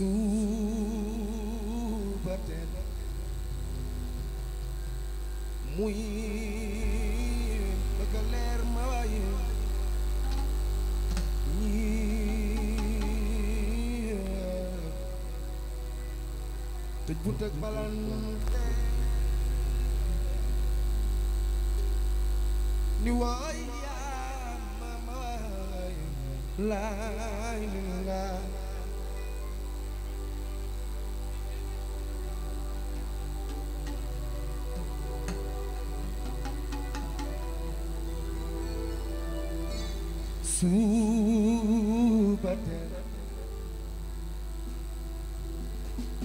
suba teel muy bëgg a leer ma waaye ñii ni waay yaa ma ma waay suuba teel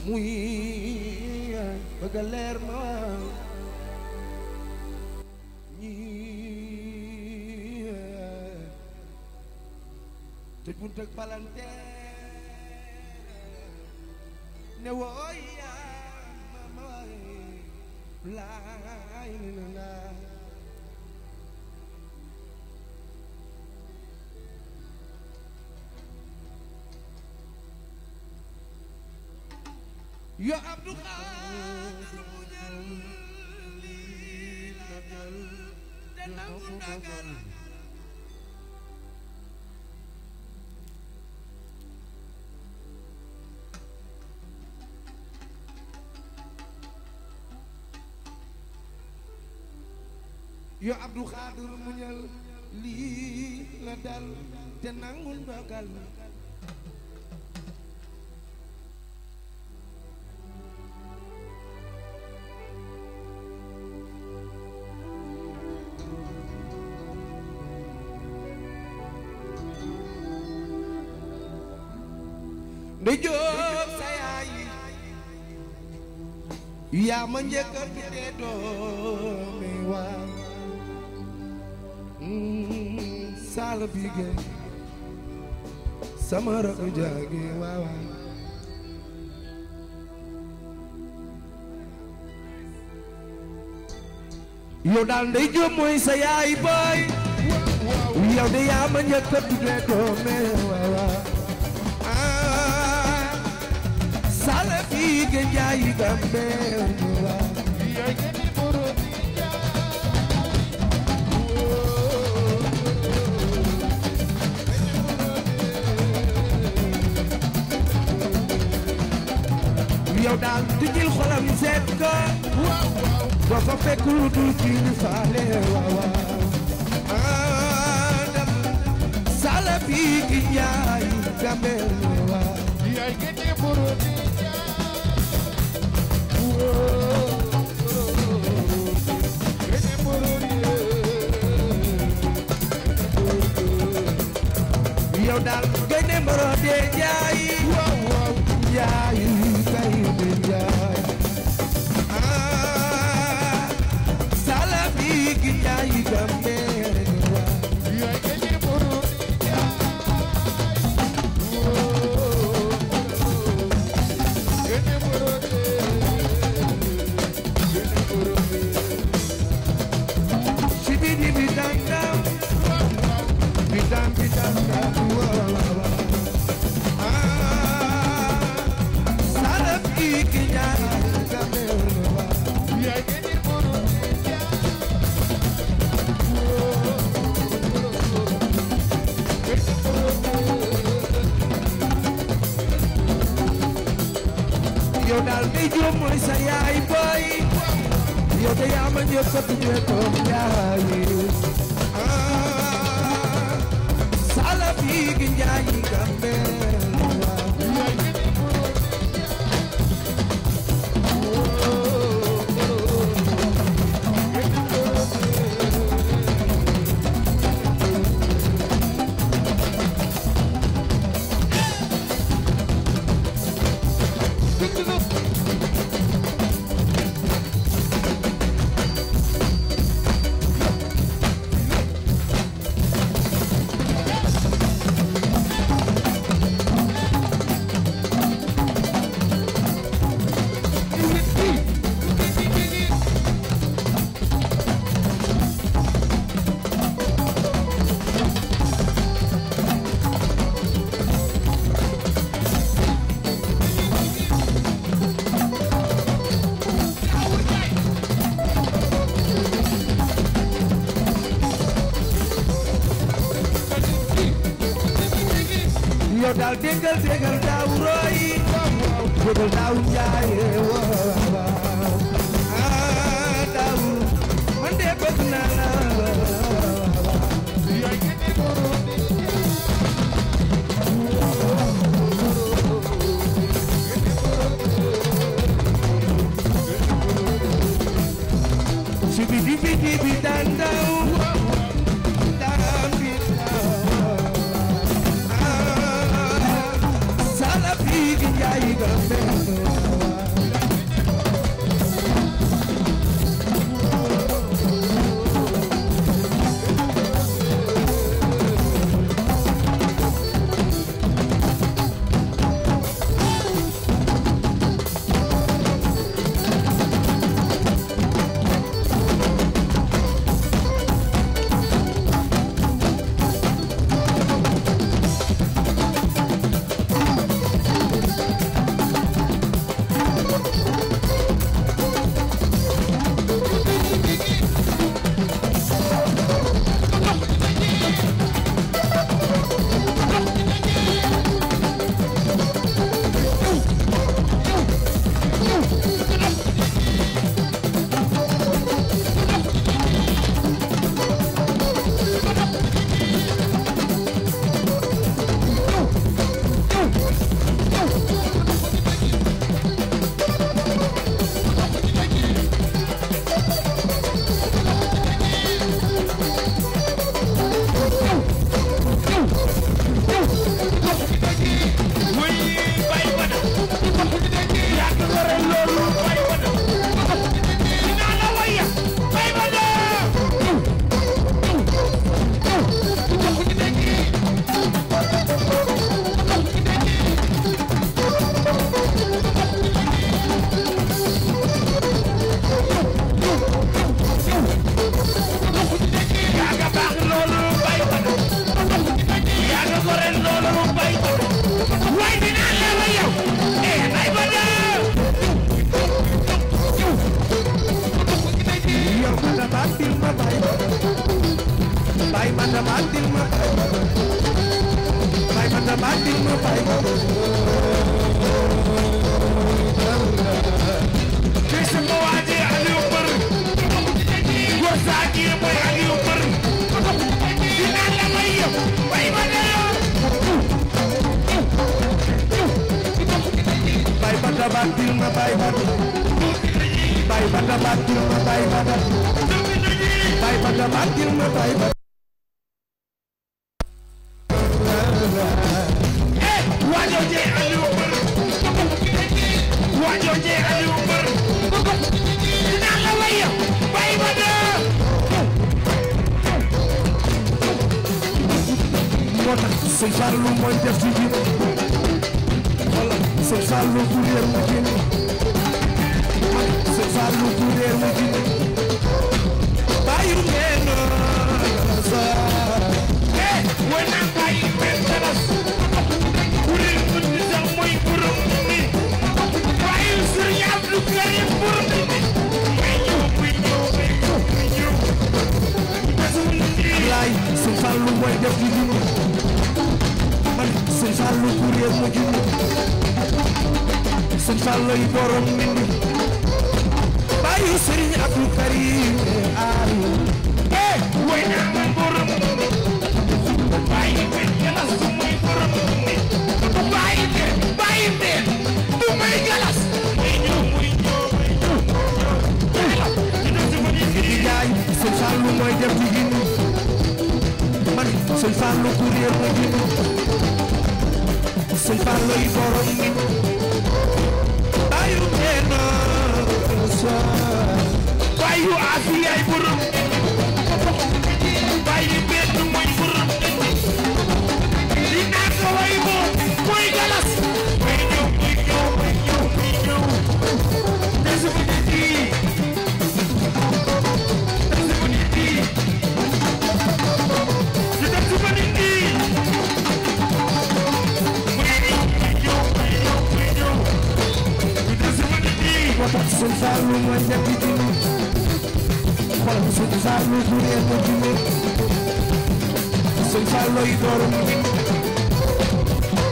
muy bëgg leer ma ñi tëj buntu ak palanteer يا عبد القادر مجلل دنو نغل يا عبد القادر مجلل لي لا دال تنغل نغل yaa ma njëkk a tuddee doomi waal mm, saala bi gën sama rakk mooy sa yaay booy yow de yaa ma njëkk a tuddee doomi waawaa ah, saala bi gën jaayi gambeew yow daal du jël xolam seet ko waaw waaw boo ko fekkul du kii faale waaw waaw adam salafi ki njaay gambe waaw yaay gëj buru di njaay yow daal gay ne mboro ndey Diop mooy sa yaay boy yow de yaa ma ñëw ko tuddee doom yaay ah salafi gi njaayi gambe tegal tegal jigéen man sëñ Fallou courrier ma jigéen sëñ Fallou yi borom nit bàyyu nee na waayu afi yaay borom suñu saal moom mooy njëkk ji xoolal suñu saal mooy juree ko jime suñu saal looy doorum ji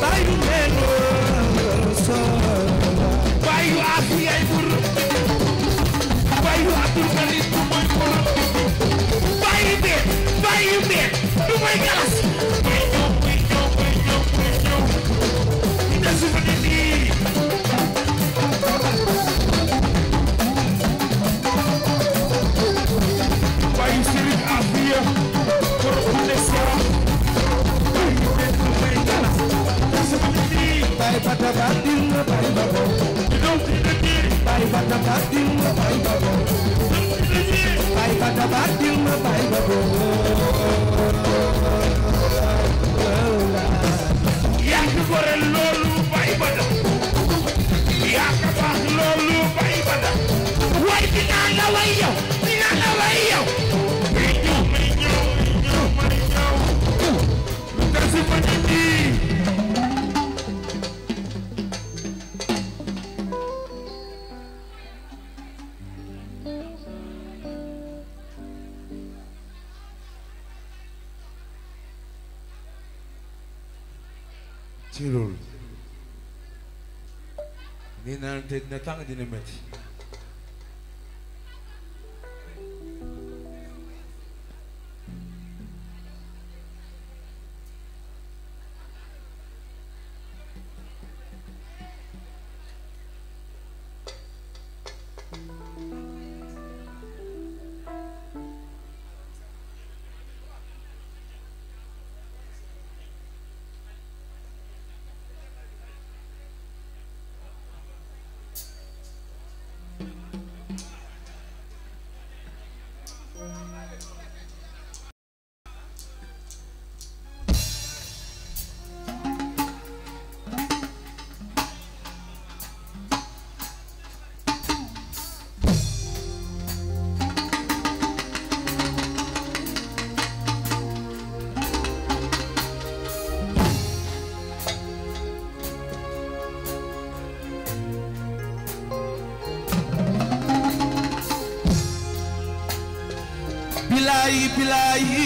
bàyyu meenoo soor bàyyu aasi yaay bur bàyyu abdul malik du mooy borom bàyyi bee bàyyi bee du mooy galas na badim na bay babo bay bat na badim na bay babo bay bat na badim na bay babo yaa ko gorel loolu bay bada yaa ko baax loolu bay bada way dinaa la way yow dina billahi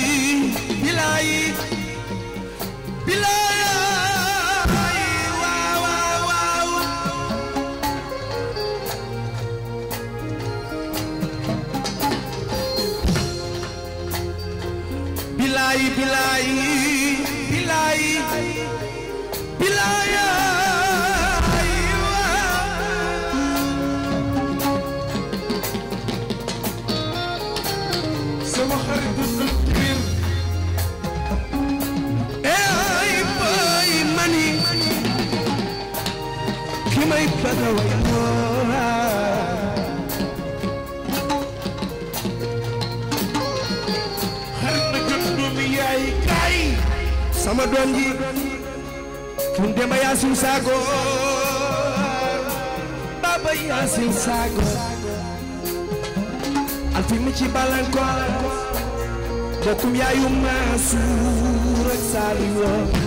yaayu Mansour ak Saliou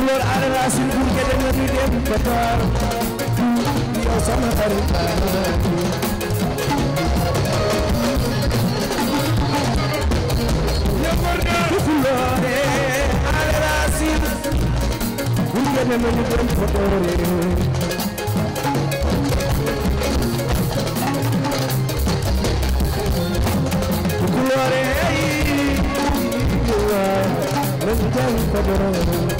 Tukulóor aada laa suñu buur gerte la ñuy dem Qatar yow sama xarit Tukulóore aada laa suñu buur gerte la ñuy dem Qatar Tukulóore ay ay ay ay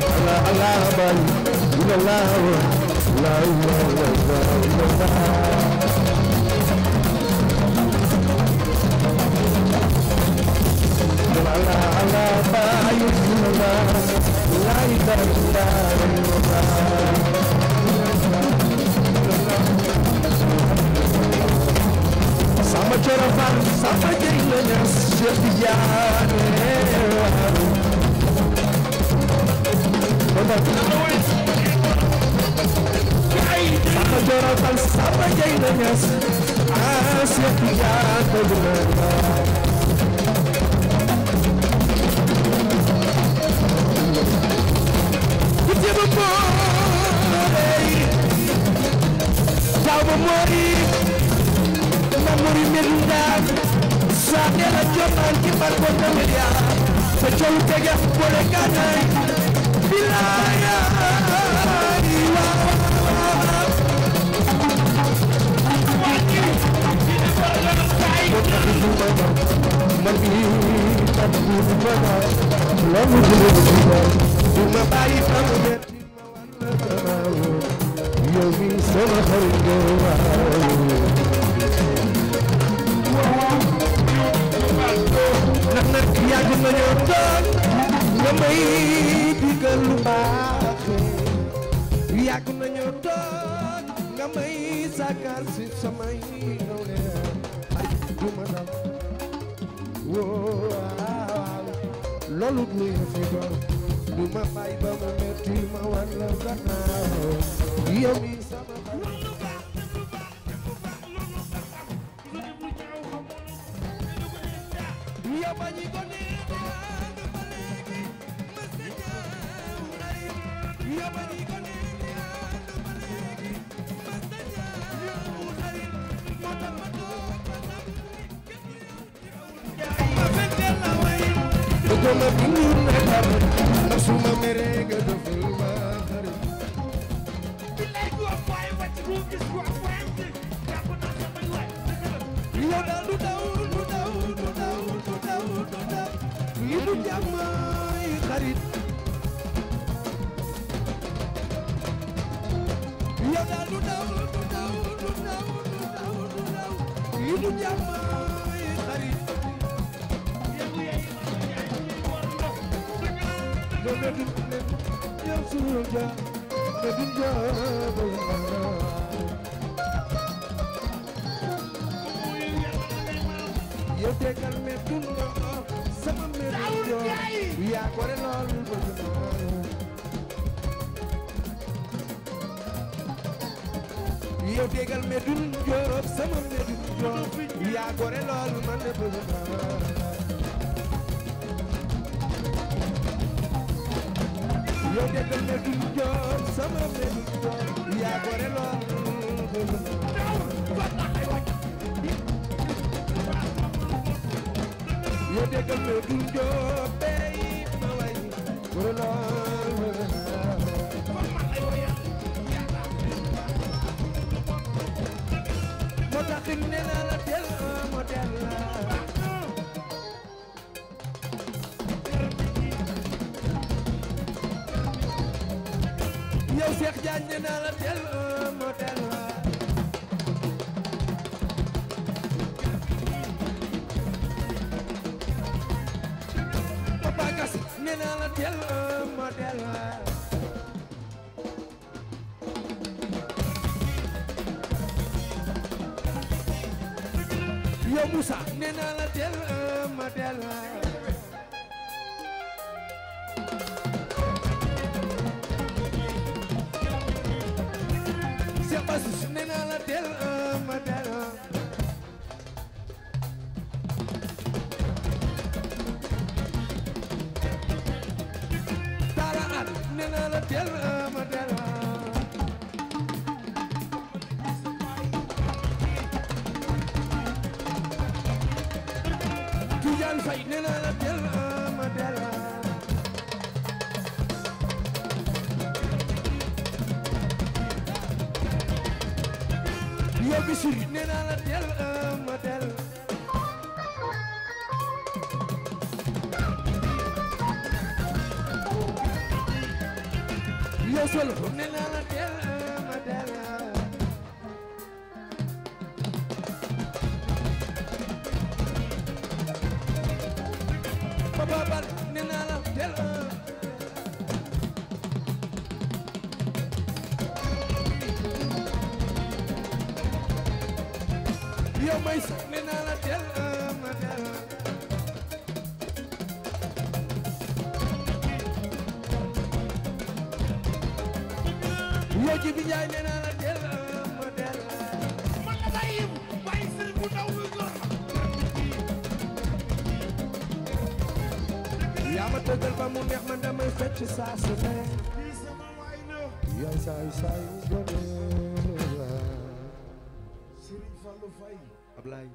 Allah bal Allah la ilaha illallah Allah Allah bayullah la ilaha illallah Sama coro fan sama jëriñ la ñas Cheikh Tidiane Sabia la chota, el que marcó la media, se echó un tegas por el canal. Nak nak ya guna nyotok damay digal lu baaxe yàgg nañu toog nga may sàkkal si samay nawle ay du ma dal waaw loolu du yëfi gor du ma bàyyi ba mu metti ma war la gannaaw yow mi sama bañ dama bindur ne dama ndax su ma meree nga defal ma xarit. yow daal du daw du daw du daw du daw du daw du daw yaa ko re lool yow dégal Médoune Diop sama Médoune Diop yaa gore lool man de bëgg naa yow dégal Médoune Diop sama Médoune Diop yaa gore lool bëgg naa yow dégal Médoune Diop béy ma way gore sëriñ nee naa la tel un modèle la yow Cheikh la tel un modèle la la tel un yow Moussa nee la del ma del Cheikh Bassirou nee la del ma del Tara Al nee la del fay ne la la del ma dela yow Bichri ne la la del ma del yow solo ne la la Ablaye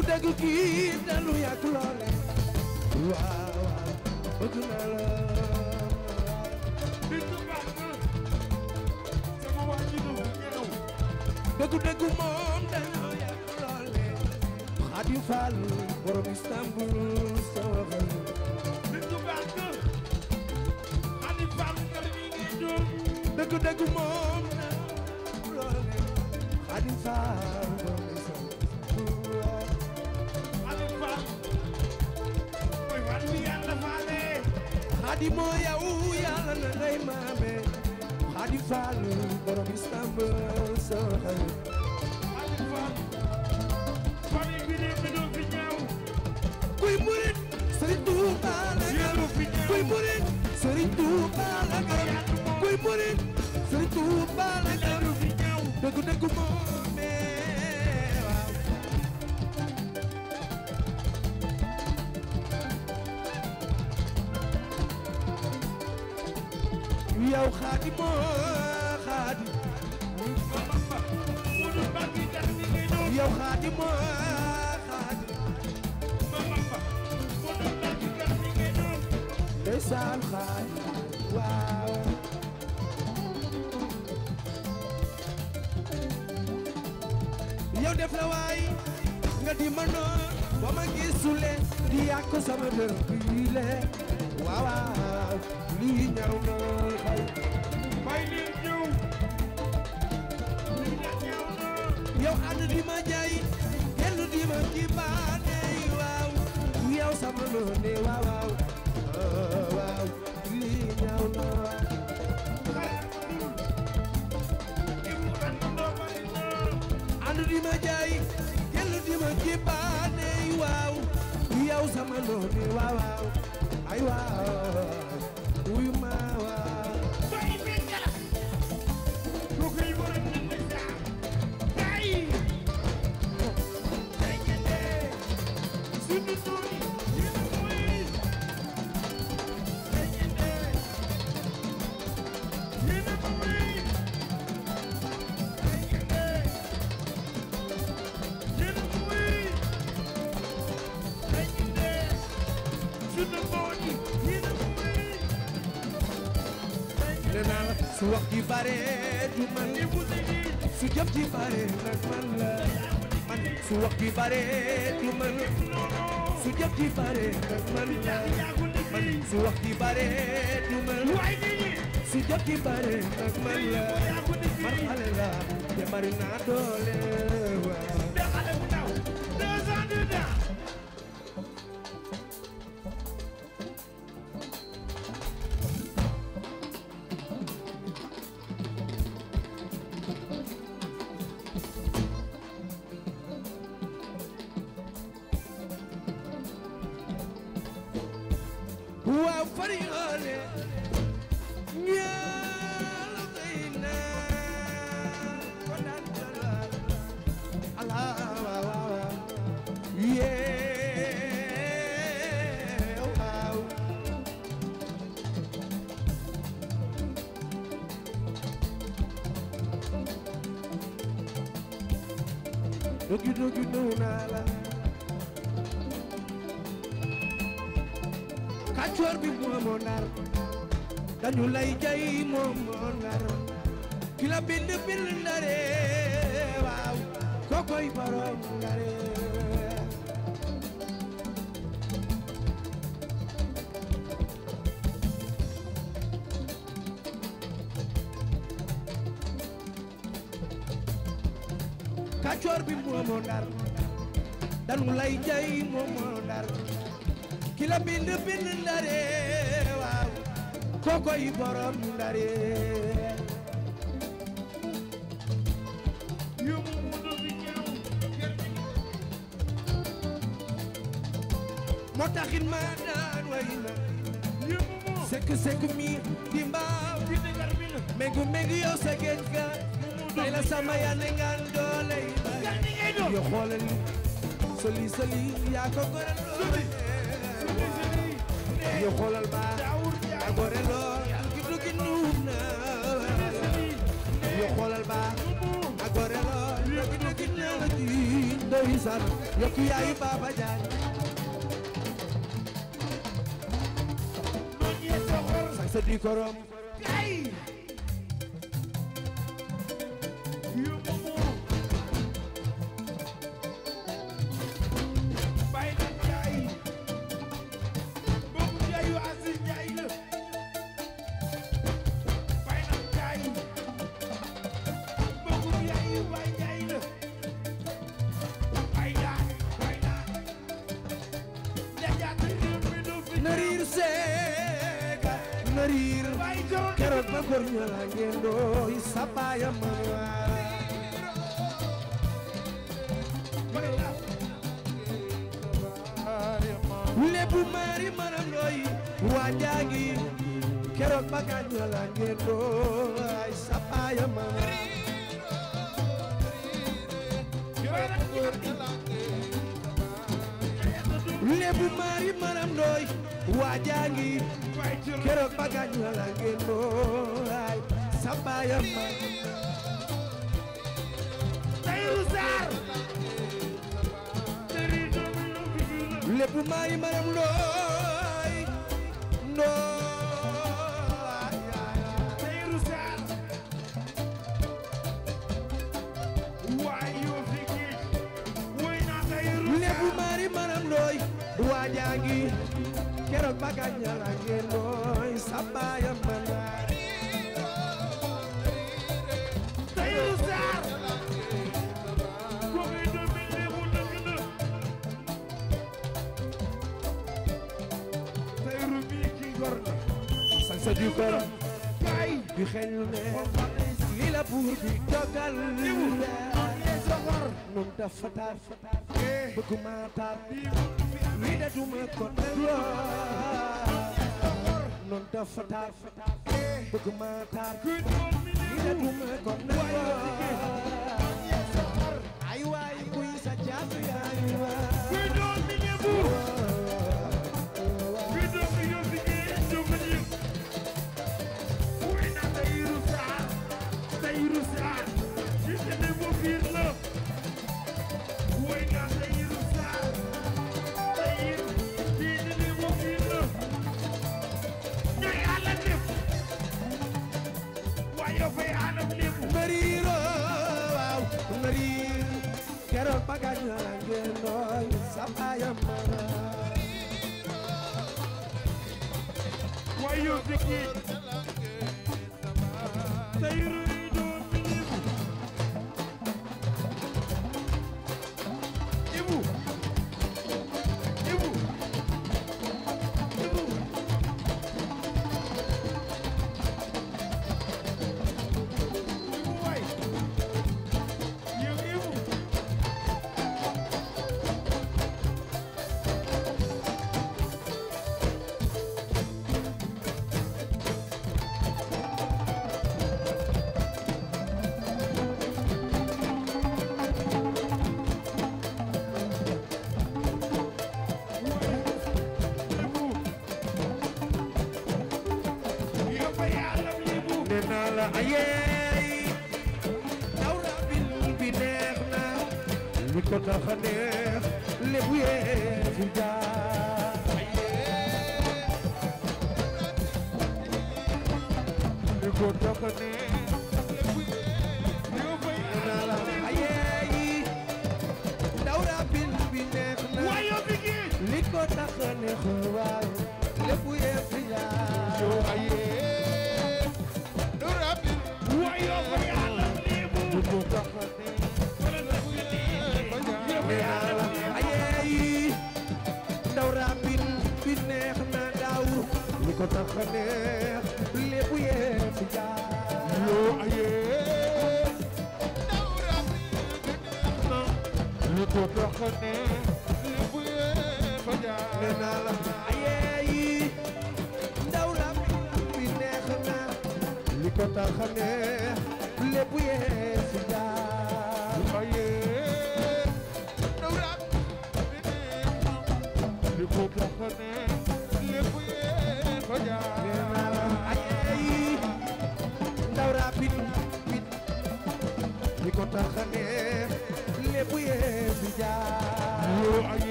ku kii na lu yàgg loole waaw bëgg naa bintu baax na sama waa ji du ñëw dëgg dëgg moom na lu yàgg loole Xaadim Faal borom Istanbul sama xel bintu baax na Xaadim Faal kër mi ngi jóg dëgg dëgg moom na loole bi yàlla faale xadi moo yow yàlla na ngay maame xadi faal borom Istanbul soxal xadi faal famille bi nekk doo fi ñaaw kuy murit Sëriñ Tuuba la gërëm kuy murit Sëriñ Tuuba la gërëm kuy murit Sëriñ Tuuba la gërëm dëgg dëgg moo yow xaati moo xaati yow xaati moo xaati ndeysaan xaati waaw yow def la waay nga di ma noon ba ma gisulee di yàq sama dër bi le waaw waaw lii ñaaw na xay bay leen ñëw lii nag ñaaw na yow di ma jaay dellu di ma ci baane waaw yow sama ma jaay waaw ay waaw pare du man su jëf ji pare nag man man su wax ji pare du man su jëf ji pare nag man la man la dogi dogi ñëw naa la kàccoor bi moomoo nar dañu lay jay moomoo nar ki la bind bind ndare waaw kookoy borom ndare moomoo ndar moo taxit ma daan way sekk sekk mi di mbaaw mengu mengu yow sa géej la sama yane ndax ni ngay doon yoo xoolal sëli sëli yaa ko gorel sëli sëli yoo xoolal ba yaa gorel lool ki dugi nuum na yoo xoolal ba a gorel lool ki dugi nela ji ndeysaan yoo ki yaayu baaba jaay sa di korom dogal soxor nun dafa taar bëgguma taar wi da duma ko delloo nun dafa eh. taar bëgguma taar wi da duma ko delloo Why you thinking?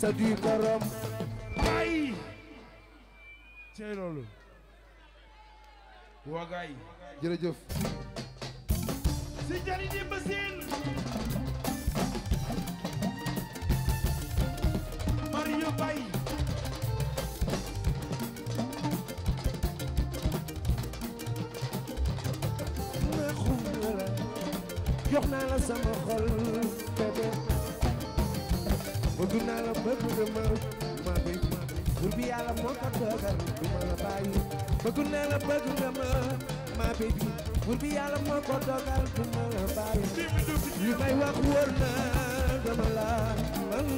sa duy borom bay cey loolu waa gaay jërëjëf naa la bëgg dama ma bëgg bur bi yàlla moo ko dogal du ma la bàyyi bëgg naa la bëgg dama ma bëgg bur bi yàlla moo ko dogal du ma la bàyyi li may wax wóor na dama la man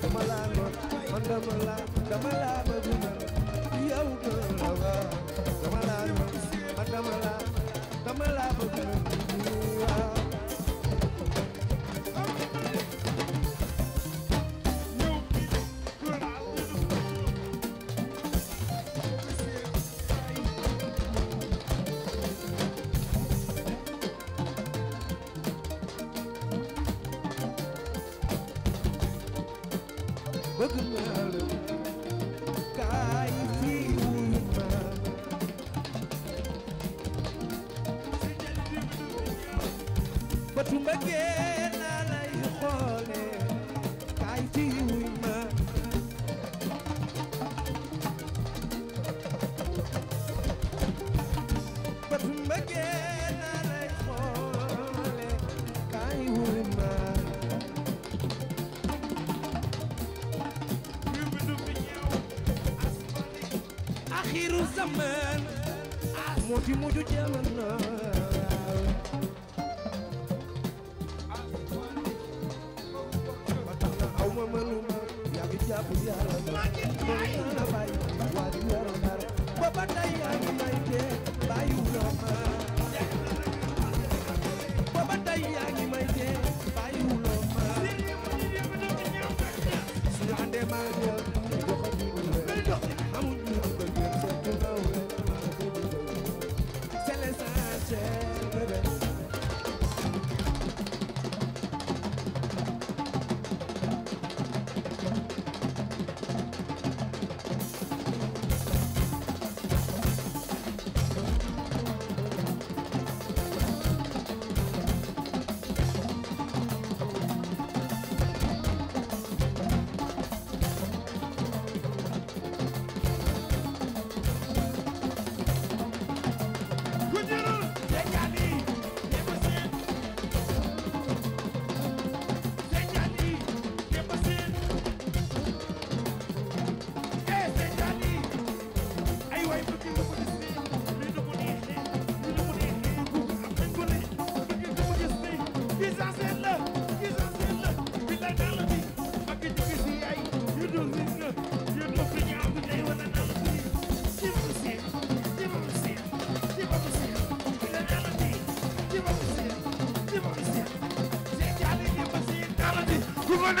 dama la man dama la dama la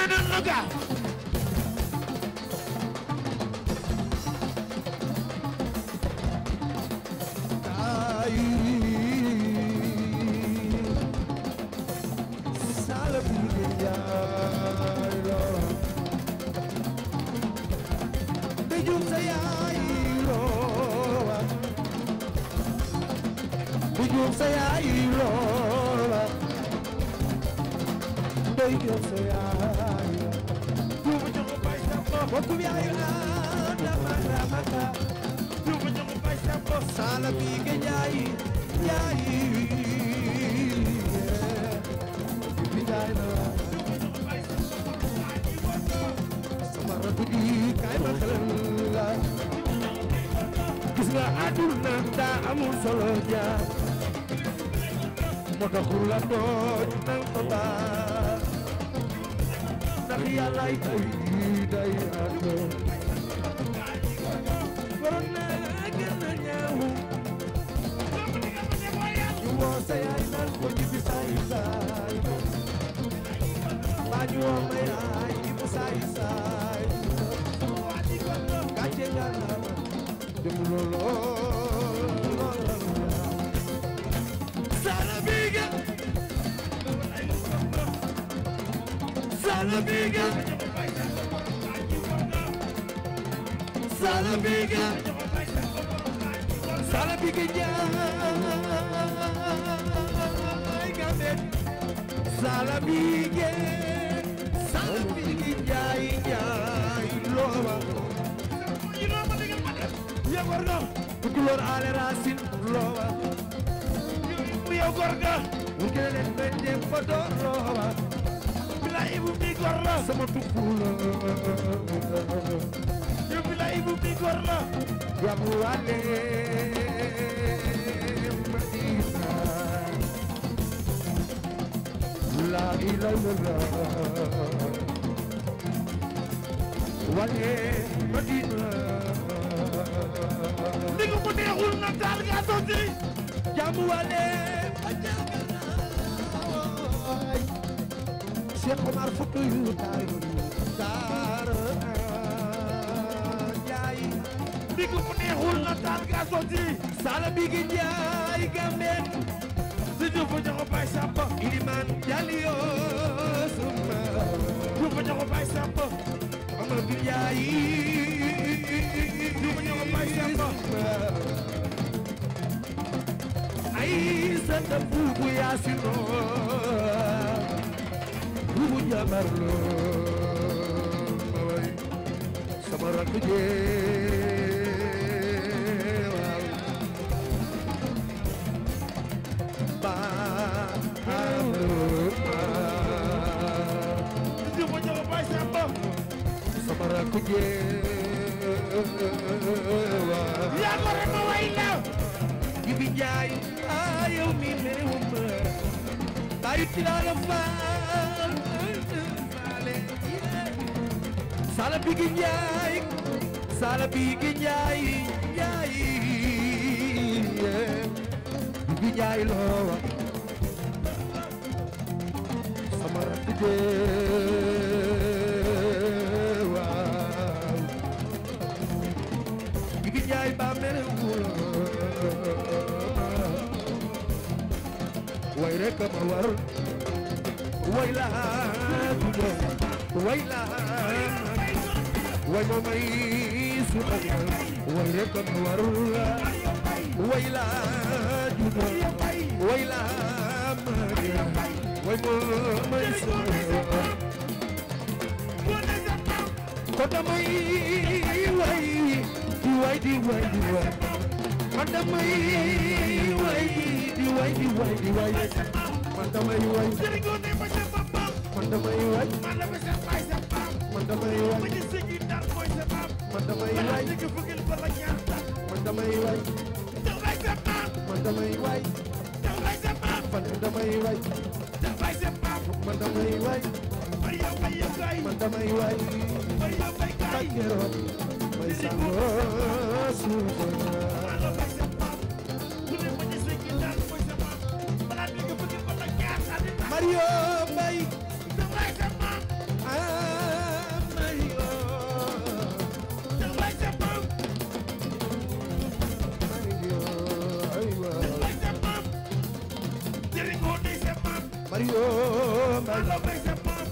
Seydou Louga sama tukkula yow bi lay bu bi góor la yam wale madina la ilaha illallah wale madina ni ko ko neexul na taal nga tonti jam wale madina Cheikh Omar Foutiyou foti sala bigi njaay gamben sujub fo joxo bay samp iliman jaliyo summa sujub fo joxo bay samp amul bi yaay sujub fo joxo bay samp ay sa ta bubu yasino bubu jamarlo sama rakk jee yaa ko rek ma way la Jibi Njaay a yow mi réew ma bayu tilaala faal sala bigi Njaay sala bigi Njaay Njaay Jibi Njaay loo wax sama rakk rek ma war way la dina way la way ma may su xamal way rek ma war way la dina way la ma way ma may su ko damay way di way di way di way man damay way di way di way di way damay way Serigne Ngoné ma sa baam man damay way man la sa baay sa baam man damay way ma ci sigi dal mooy sa baam man damay way ci ko fëggal ba la ñaar man damay way damay sa baam man damay way damay sa baam man damay way damay sa baam man damay way bay yow bay yow kay man damay way bay yow bay kay bay yow bay kay Mario ma la way sa maam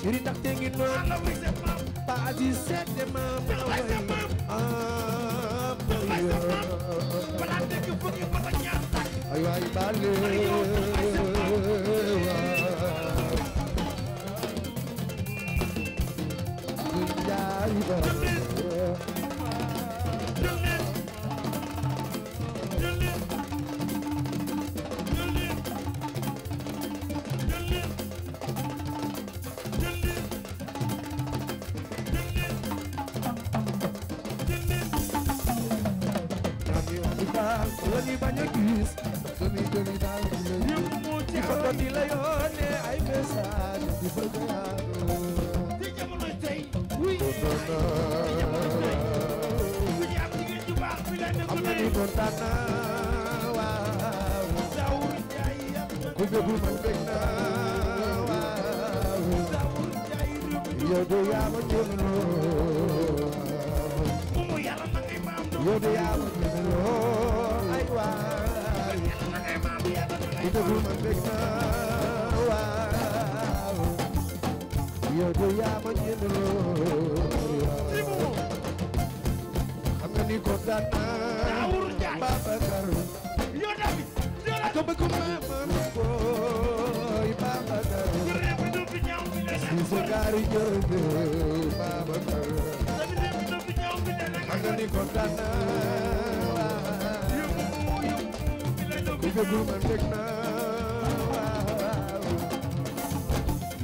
Chéri ndax te ngi noon ma la way sa maam Pa Aziz seede maam ma la way sa maam ah Mario balaa dégg fukki fan ak ñaar ay waay baale yow de yaa ma jéemloo yow de yaa ma jéemloo ay waay i déglu ma mbég na waaw yow de yaa ma jéemloo xam nga ni kontaan naa Babacar yow tamit yow la ko bëgg ma sikari jooju Babacar man di kontaan naa ku déglu man dégg naa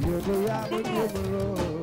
yéen a yaa ma jéemaloo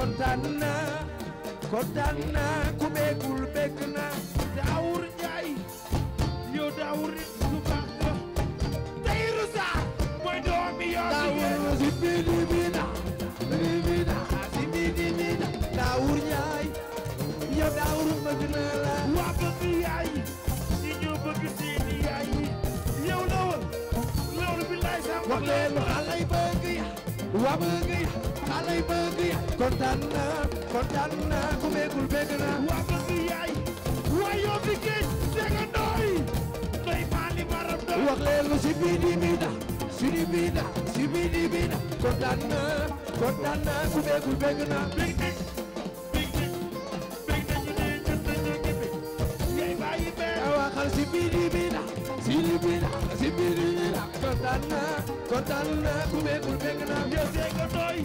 kontaan naa kontaan naa ku beegul beeg na Daawur Njaay yow Daawur nit lu baax la Tayru Sarr mooy doomi yoo Daawur si bidi bida bidi bida si bidi bida Daawur Njaay yow Daawur bëgg naa la waa bëgg yaay ñi ñoo bëgg seeni yaay yi yow lawal loolu billaay sax wax leen xale yi bëgg ya waa bëgg ya alay bëgg kontaan na kontaan na ku bëggul bëgg na yoo fi géej sega nooy doy maali maram doy wax leen lu si biidi biida sidi biida si biidi biida kontaan yoo sega nooy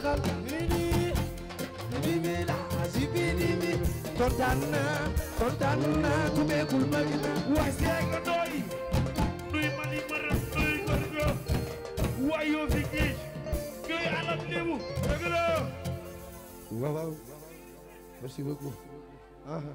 waxal lini lini la asibi lini kontaan naa kontaan naa ku beekul ma gi na waay see nga doy duy mali maram duy gorgo waay yoo fi géej yooyu alam lébu dëgg la waaw waaw merci beaucoup aha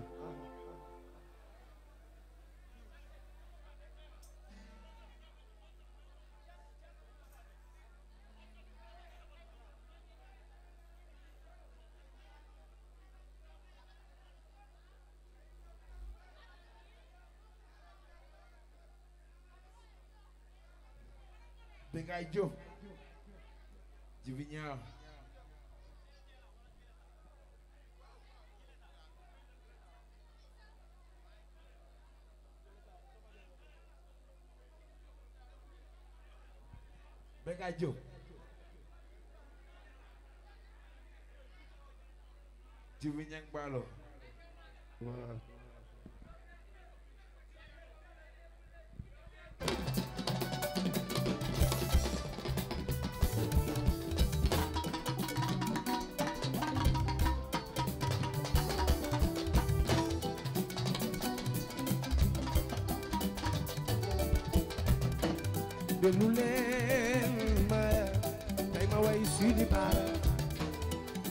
Abdoulaye Diop Djibi Niang Beka Diop Djibi Niang Balo déglu leen Maya tey ma way Sidi Bara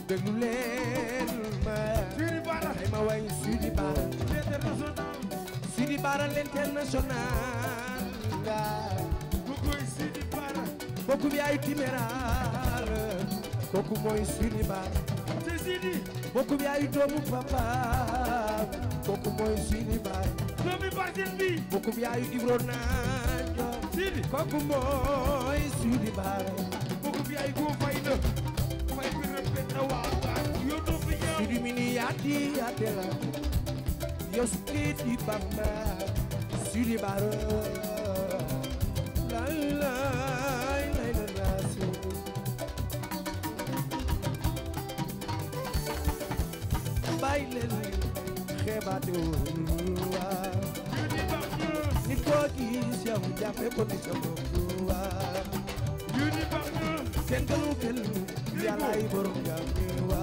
déglu leen Maya tey ma way Sidi Bara l'international Sidi Bara l'international kooku mooy Sidi Bara kooku bi e ay timéral kooku mooy Sidi Bara te Sidi kooku bi e ay doomu papa kooku mooy Sidi Bara doomi parten bi e kooku bi ay Ibro Naar kooku mooy Sidi Bara kooku bi ay ko fayda fay bi rëbbet na waa waa yo do fi ñaaw Sidi mi ni yaati yaate la yo Sidi Bamba Sidi Bara la la baile xeebate woon nit koo gis yow jàppe ko ni sa mbokk wa yu ni baax na seen galu gël yàllaay borom jàppe wa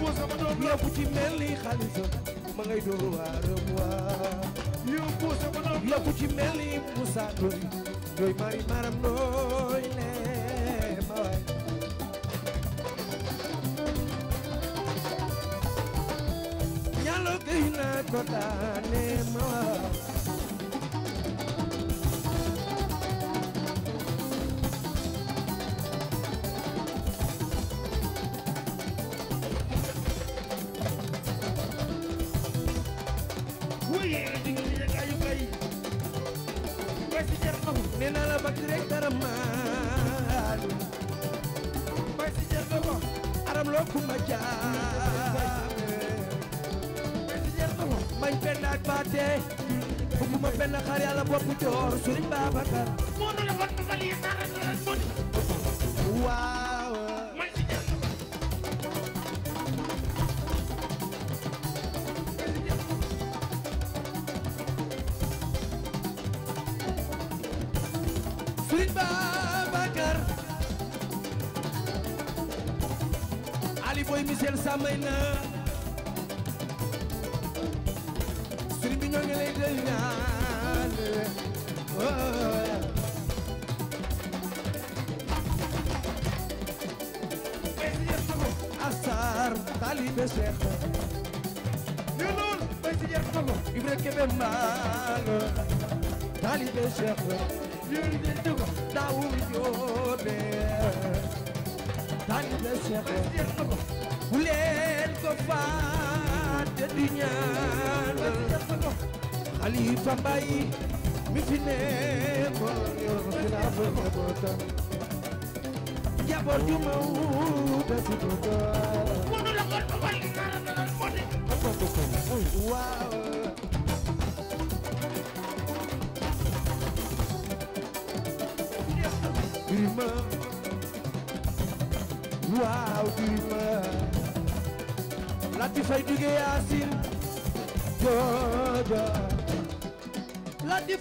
moo sama doom la ku ci mel ni xaalisam ma ngay dóor waaram wa yu moo sama doom la ku ci mel ni Moussa Ndoye Ndoye mari maram nooy ne ma waay ñalo gëy na ko daane ma waay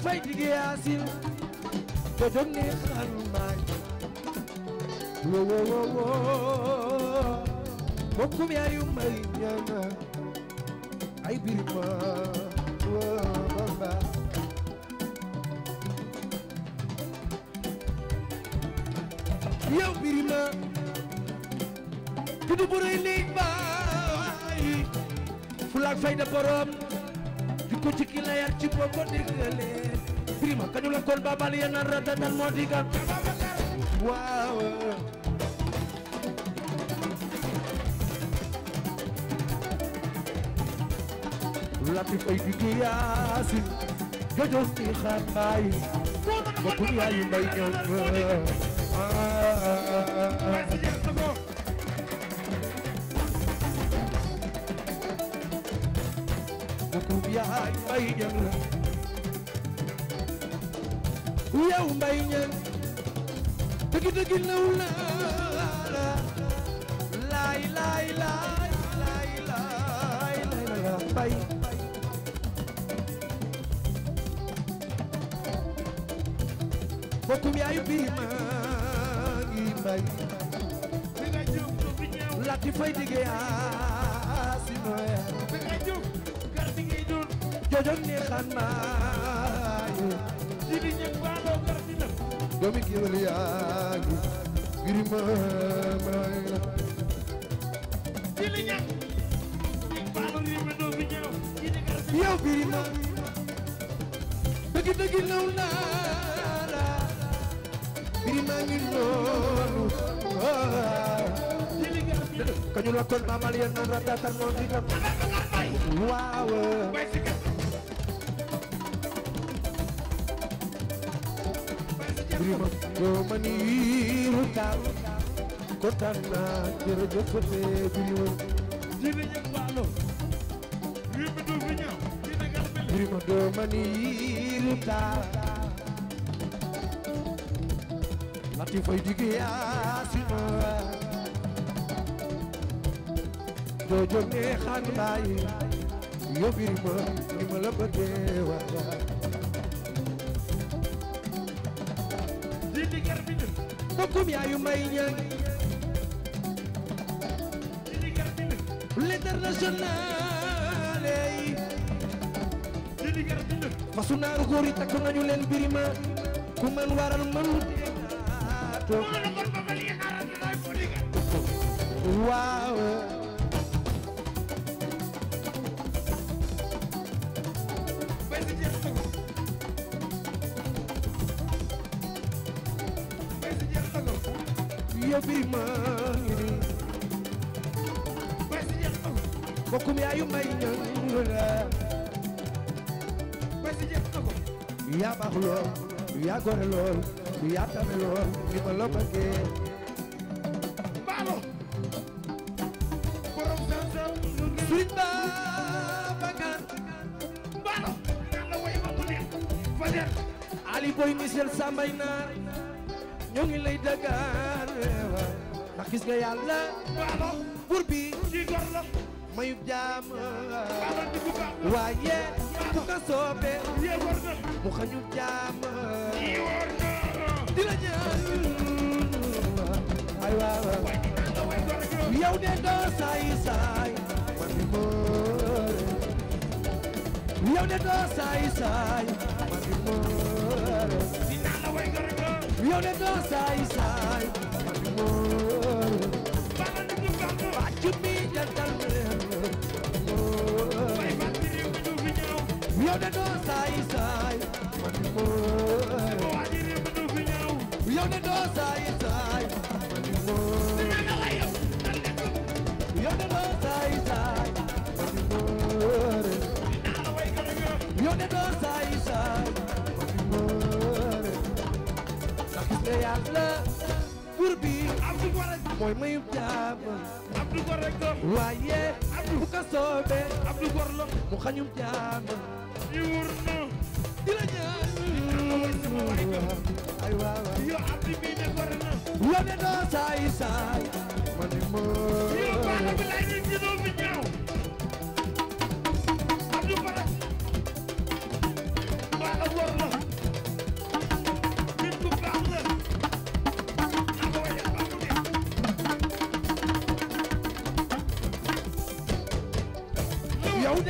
fay birima wo bamba yow baay fulaak fayda borom di ci ki ci boo ko prima kañu la kon babal yenan ratatal moo di gam waaw latif ay dikki yaasin jojo si xabaay ba kun yaayu mbay ñoom ba kun yaayu mbay ñoom yow mbay ñaan dëgg dëgg law la laay laay laay laay laay la mbay bokkum yaay bi maa ngi mbay lati fay dige asima yaa jojon ne xan maa Sidi Dieng Waalo Kartina. doomi Kewel yaa ngi ngir mën Sidi Dieng. Dieng Waalo Rima doomi Dieng. Sidi Kartina yow bii ma. dëgg dëgg naw naa la. Birima ngi noonu. kañu la kon mamal yéen naan ratatar noonu di kam. waaw. birima yow ma nii ru taal kontaan naa jërëjëf birima birima doo ma nii ru taal latifay digg yaasima doo jom ne xaan bàyyi yow birima ni ma la bëggee waa kum yaayu may ñaan l'international ey eh. fasu naaru góor yi takk nañu leen birima ku man waral man waaw mbokkum yaayu mbay ñëw la bay si jëf na ko yaa baax lool yaa gore lool yaa tame lool ni ma la bëggee baalo borom sansal sëriñ Babacar baalo naan la way ma mu fa neex Ali Boy Michel Sambay naar ñoo ngi lay dagaar ndax gis nga yàlla baalo buur mayub jaam waaye ku ko soobe mu xañu jaam di la ñaan ay waaw yow de doo saay saay man mi moore yow de doo saay saay man mi moore yow de doo saay saay man mi moore love. mooy mayu jaam Abdou Gor rek la waaye bu ko soobee Abdou Gor la mu xañum jaam yi wur na di la ñaan ay waaw yo abdi mi ne war na wone doo saay saay man mo yo baax bi lay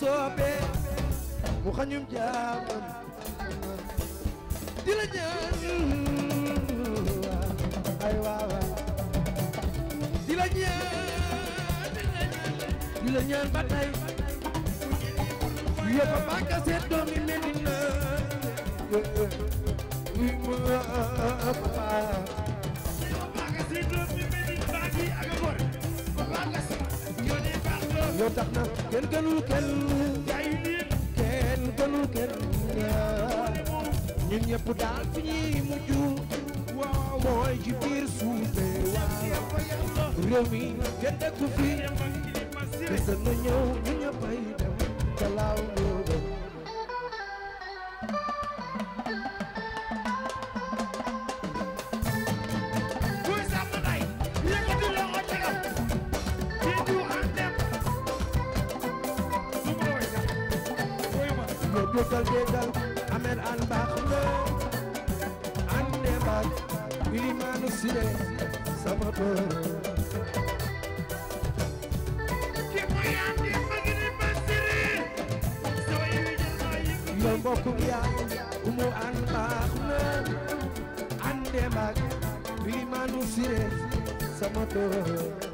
soobee mu xañum jaamam di la ñaan ay waaw di la ñaan di la ñaan ba tey yëpp a bàkka seddoo loolu tax na kenn gënul kenn kenn gënul kenn ñun ñëpp daal fi ñuy mujj waaw mooy ci biir suufe waaw réew mi kenn dëkku fi bés na ñëw ñun ñëppay dem kalaaw loo déggal déggal amen an baax na an ne baax Ilimane Siré sama doom yow mbokkum yaay umu an baax na an dem ak Ilimane Siré sama doom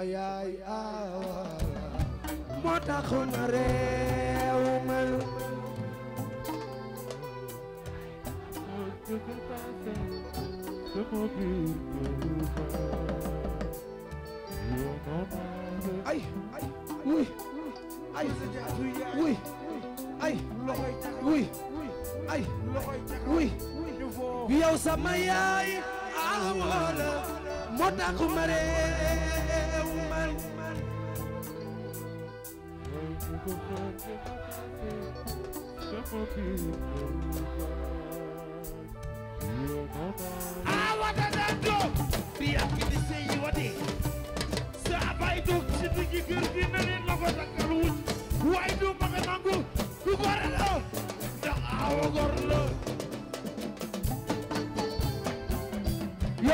ma yaay awa moo taxu na réew mel ay ay wuy ay wuy ay wuy ay wuy bi yow sama yaay awa la moo taxu ma réew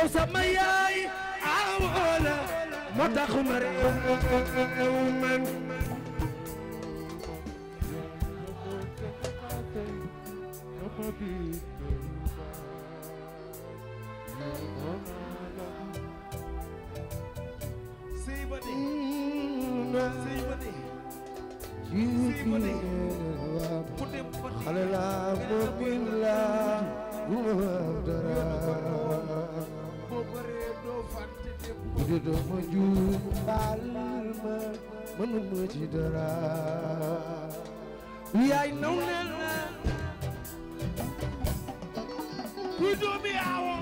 sama yaay awola moo tax ma réew man mënuma ci dara yaay naw ne la kuy doomi aawo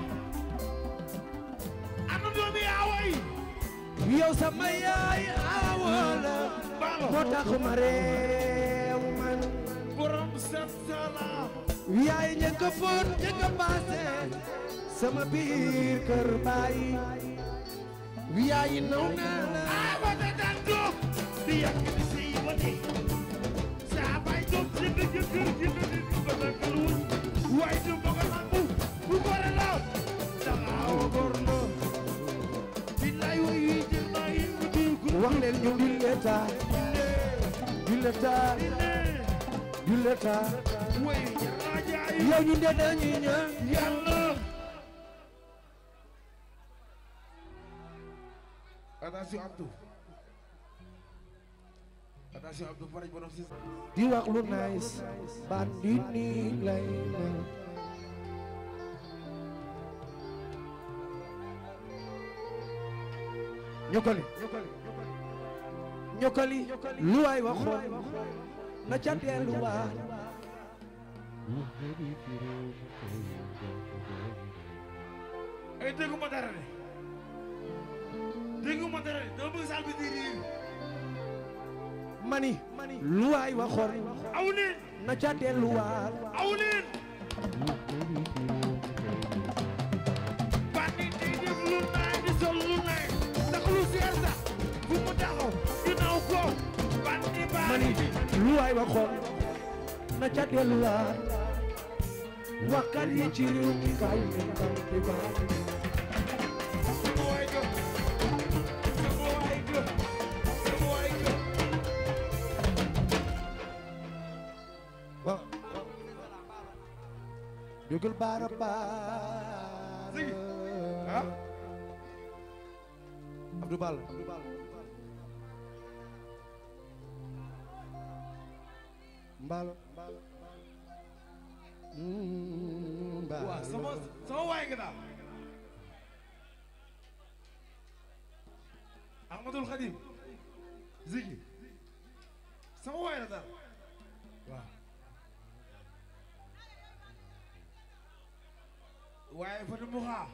anu doomi aawo yi yow sama yaay aawo la moo tax ma réew man borom set sala yaay ñëkk foon ñëkk paase sama biir kër baay Yeah, you know. I want to that go. The yakini say money. Sabai don't give you give you give you but I can Why do you bother man move? Who got it out? gorno. Did I we eat in my in One day you will later. You attention Abdou attention Abdou pare borom di nii lay mel ñokkali ñokkali lu waay waxoon na ca dellu waa dégguma dara dama bëgg saal bi di riir. mani. lu waay waxoon. aw na ca delluwaat. aw leen. bandi di def lu naay di sol lu ndax lu seer sax. bu mu taxaw. ginnaaw ko. bandi baa mani lu waay waxoon. na ca delluwaat. waxkat yi ci réew mi kaw leen bandi baa jógal baara baara ah. Abdou Bal mbaalo hmm, mbaalo waaw sama sama waay nga daal Ahmadul Khadim Ziggy sama waay la daal waaye Fatou Mouha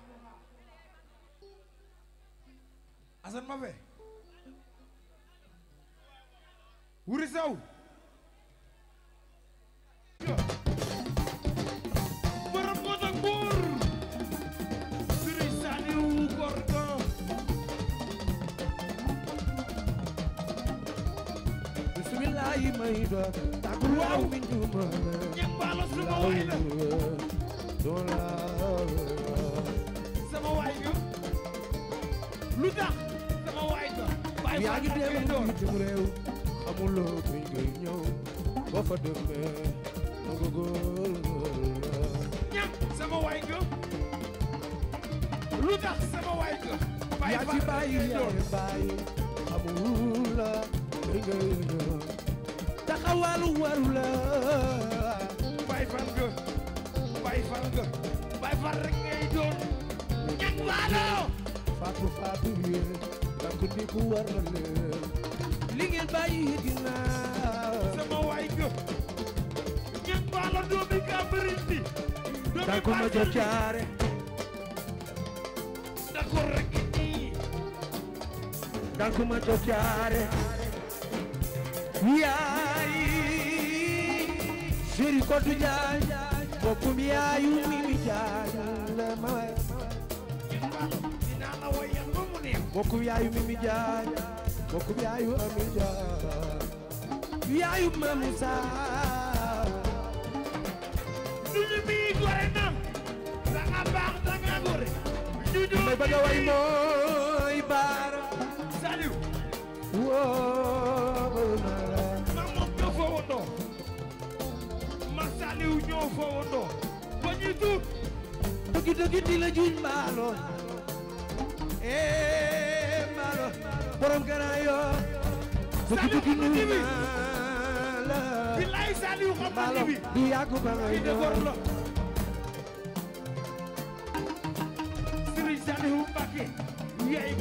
Assane Mafé Wuri Sow borom mota nguur Serigne Saliou Gordo bismillahi may do takur waaw min duma ñambalo suma way la sama waay bi lu tax sama waay ba baay yaa ngi dem bitim réew xamuloo kuñ koy ñëw sama waay nga lu tax sama waay nga baay yaa ci bàyyi yaa waru la far nga bay far rek ngay doon ñak waalo faatu faatu yéen takku ni ku war na leen li ngeen bàyyi ginnaaw sama waay ga ñak waalo doomi kabrinti doomi ko ma jaare d'accord rek ni takku ma jaare yaay seri ko du jaay bokkum yaayu Mimi Jaañ la ma way dinaa la wayal ba mu neex bokkum yaayu Mimi Jaañ bokkum yaayu Ami Jaañ yaayu Maam Musa duñu mi gore nam danga baax danga gore duñu may bëgg a way mooy baara saliw woo diw ñoo fowandoo ba ñu tuut dëgg dëgg di la juñ mbaaloon ee mbaaloon borom gannaaw yoo dëgg dëgg nuyu naa la bilaay Saliou xam na ni bi du yàgg ba ngay doon Serigne Saliou Mbacké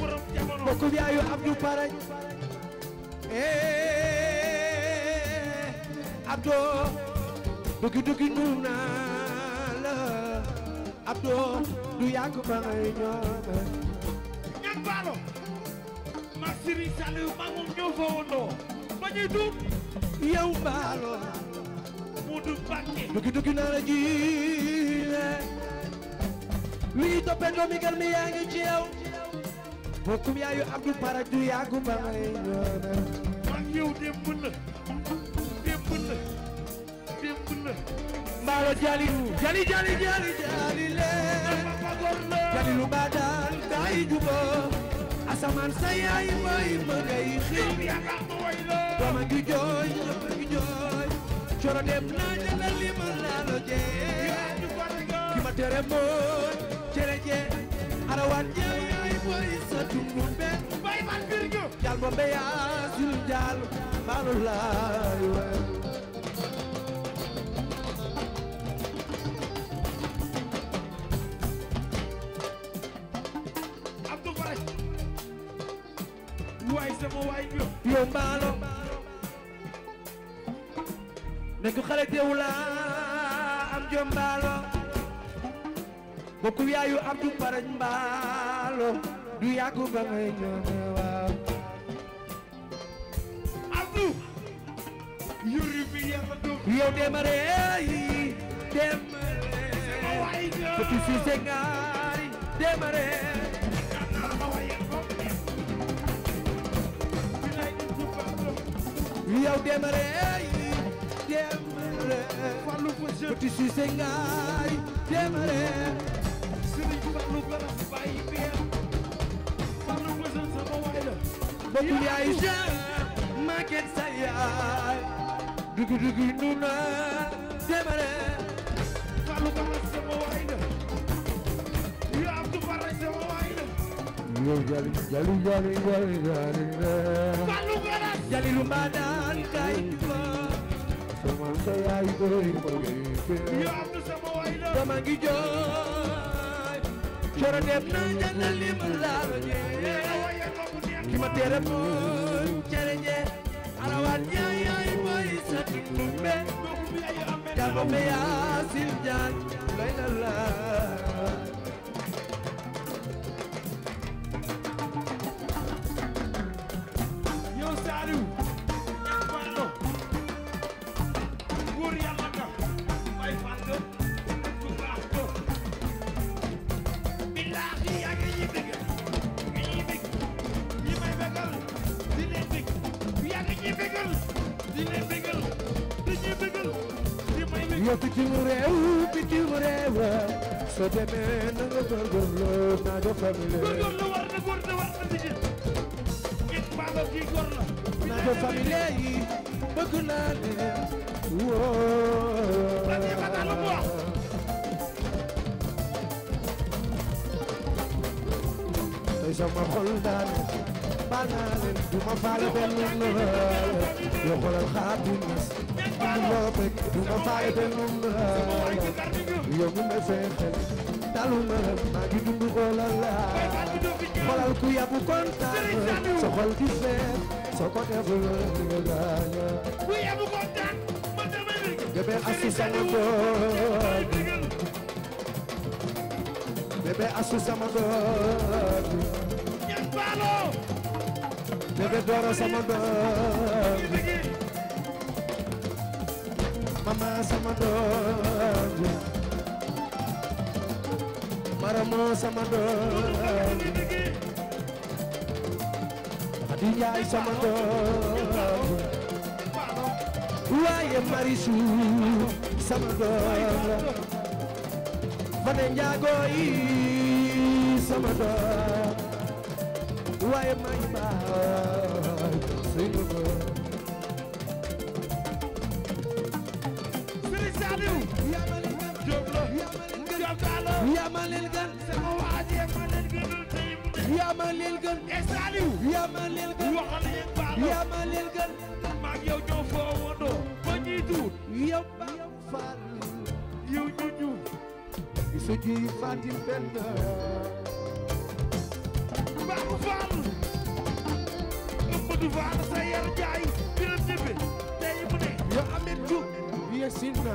borom jamono bokk yaayu Abdou Parañ ee eh, Abdou dëgg dëgg nuyu naa la Abdou du yàgg ma ngay ñoom ñan baalo ma Serigne ma moom ñoo ba ñuy tuub yow baalo mu du bàkke dëgg dëgg naa la jiile wii toppandoo mi gel mi yaa ngi ci yow bokkum yaayu Abdou Para du ngay ñoom ak yow dem la jali jali jali jali lu ba daal juba asamaan sa yaay ma ngay xëy dooma ngi jooy dooma ngi jooy coro dem naa jëlal li ma laa la jee ma tere mooy cere jee arawaan jee yaay mooy sa tundu be jaal ba mbeyaas yu jaal baalu yow mbaalo ne ku xale teewu laa am jom mbaalo bokku yaayu Abdou Barañ mbaalo du yàggu ba ngay ñoome waaw Abdou yuri bi yàlla dum yow demare yi demare ko ci si sengaari demare yow demare yi demare Fallou petit Cissé ngaay demare Serigne Fallou garas baye biir Fallou Cissé sama waay la bokku yaay je maget sa yaay dugu dugu nuna demare Fallou garas sama waay la yow Abdou Barre sama waay la yow jali jali jali jali jali Fallou garas jali lu mana Jallo me ya sil jaan lay la la di leen bégal soo demee na nga góorgóorlu naa jox famille na góor na war na jigéen ngeen baalo kii góor woo man yi xanaa lu mu wax tey baal naa du ma faale benn lum la yow xoolal Xaadim Ñas loo fekk du ma faale benn lum la yow mi may fexe daluma la maa ngi dund xoolal la xoolal ku yabu kontaan sa xol di ku yabu kontaan ma dama léegi bébé asu sama doom bébé asu bébé Doro sama doom ji mama sama doom ji maramo sama doom ji Adi Njaay sama doom ji waaye Marisu sama doom la Fane Njaago yi sama doom waaye yaa ma leen gën sama waa ji ma leen gënal tey yaa ma leen gën Saliou yaa ma leen gën waxal leen baal yaa ma leen gën maa ngi yow ñoo foo wondoo ba ñuy duut yow ba faal yow ñu ñu su ji fatim benn ba faal Amadou Fall sa yar jaay biram ñebe tey mu ne yow amet ju yeesina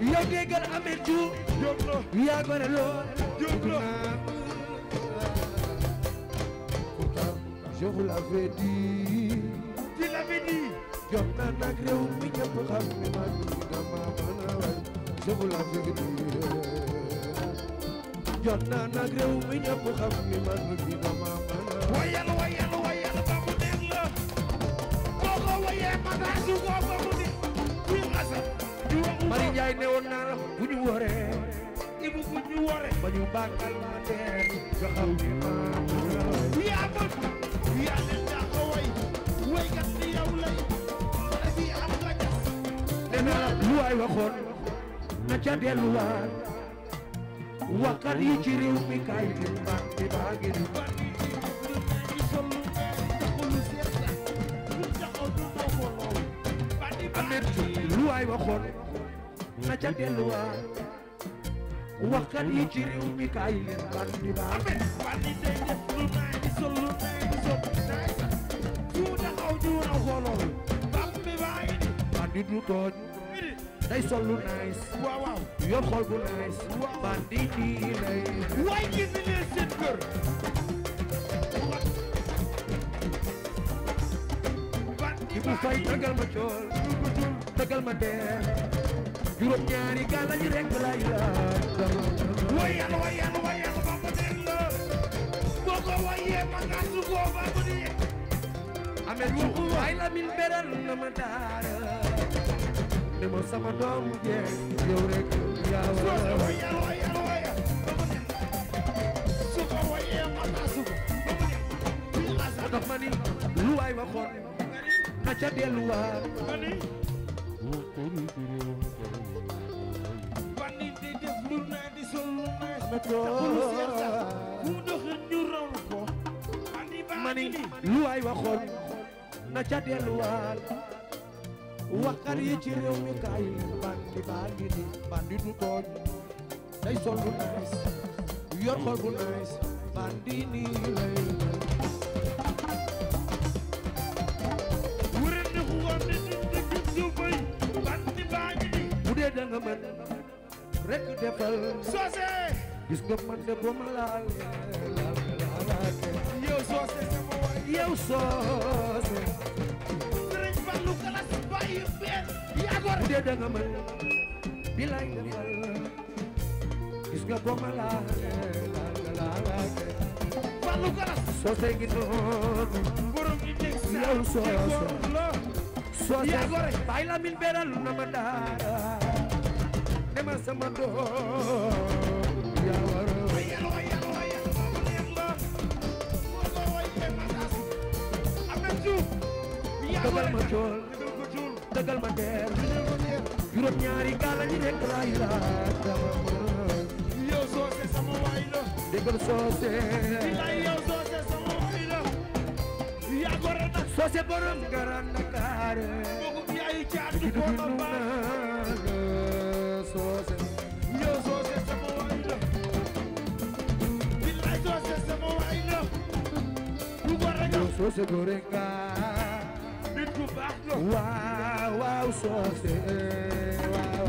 yow déggal Ameth Diouf yaa gone lool je vous l'avais dit tu l'avais dit jot na nag réew mi ñëpp xam ni ma dama mën a way je vous l'avais dit jot na nag réew mi ñëpp xam ni ma dama mën a way wayal wayal wayal ba mu neex la boo ko wayee ma daa du ko Mari Njaay ne naa bu ñu woree ibu bu ñu woree ba ñu bàkkal ma teer nga xam ne maa yaa mën yaa leen naa lu waay waxoon na ca delluwaat waxkat yi ci réew mi kaay di baax di baax gi di baax am na lu waay waxoon na ca delluwaat waxkat yi ci réew mi kaay leen baat di baal baat di day def lu naay di sol lu naay di sol naay sax su taxaw ñu raw xooloo baat mi baa ngi di baat di du tooñ day sol lu naay waaw waaw yor xool bu naay baat di di lay waay gis leen seen kër baat bu fay juróom ñaari gala yi rek la ilaha wayan wayan wayan bamba den la boo ko wayee ma gàttu ko bamba di amet waxu ay la min beral na ma daara ne ma sama doom jeex yow rek yaa wayan wayan wayan wayan bamba den su ko wayee ma gàttu ko bamba di moo tax ma ni lu waay waxoon na ca delluwaat mani lu waay waxoon na ca delluwaat waxar yi ci réew mi kaay bandi bandi ni bandi du day sol bu nice yor xol bu nice bandi ni lay wure ni xuwam ni nit ni yu bay bandi bandi bu dee da mën rek defal soosee gis nga man de boo ma laalee yow soose sama waay yow soose sëriñ Fallu galas bàyyi yaa gor de nga mën bilaay defal gis nga boo ma laalee Fallu galas soose ngi noonu borom ñi teg sa yow soose yaa gor bàyyi la min beral na ma daara ne ma sama doom dogal ma cool dogal ma teer juróom ñaari gaala ñi nekk laa yu soose sama waay la déggal soose bilaay yow soose sama waay la yaa góor soose borom garan Dakar bokku yaayu caat du ko ma baax soose yow soose sama waay la bilaay soose sama waay la du góor rek soose góor waaw waaw soose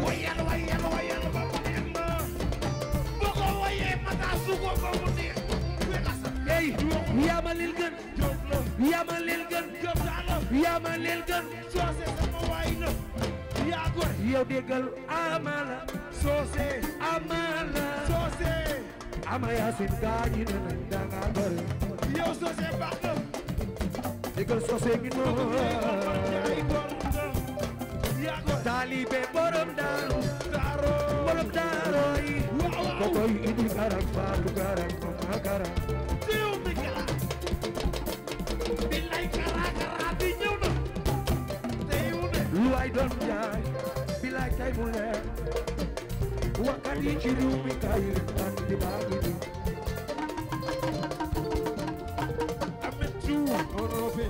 wayal wayal wayal ba mu neex ma boo ko wayee mataa su ko ba mu neex ey yaa ma leen gën yaa ma leen gën yaa ma leen gën soose sama waay la yaa gor yow déggal amala soose amala soose yaa seen gaañi ne baax na digal sose gi noonu taalibe borom daaru borom daaro yi ko koy indi garan faalu garan ko ma garan diw mi kala bilay kara kara di ñëw na lu ay doon jaay bilay kay mu leer wakati ci réew mi kay tan di baa non non fii.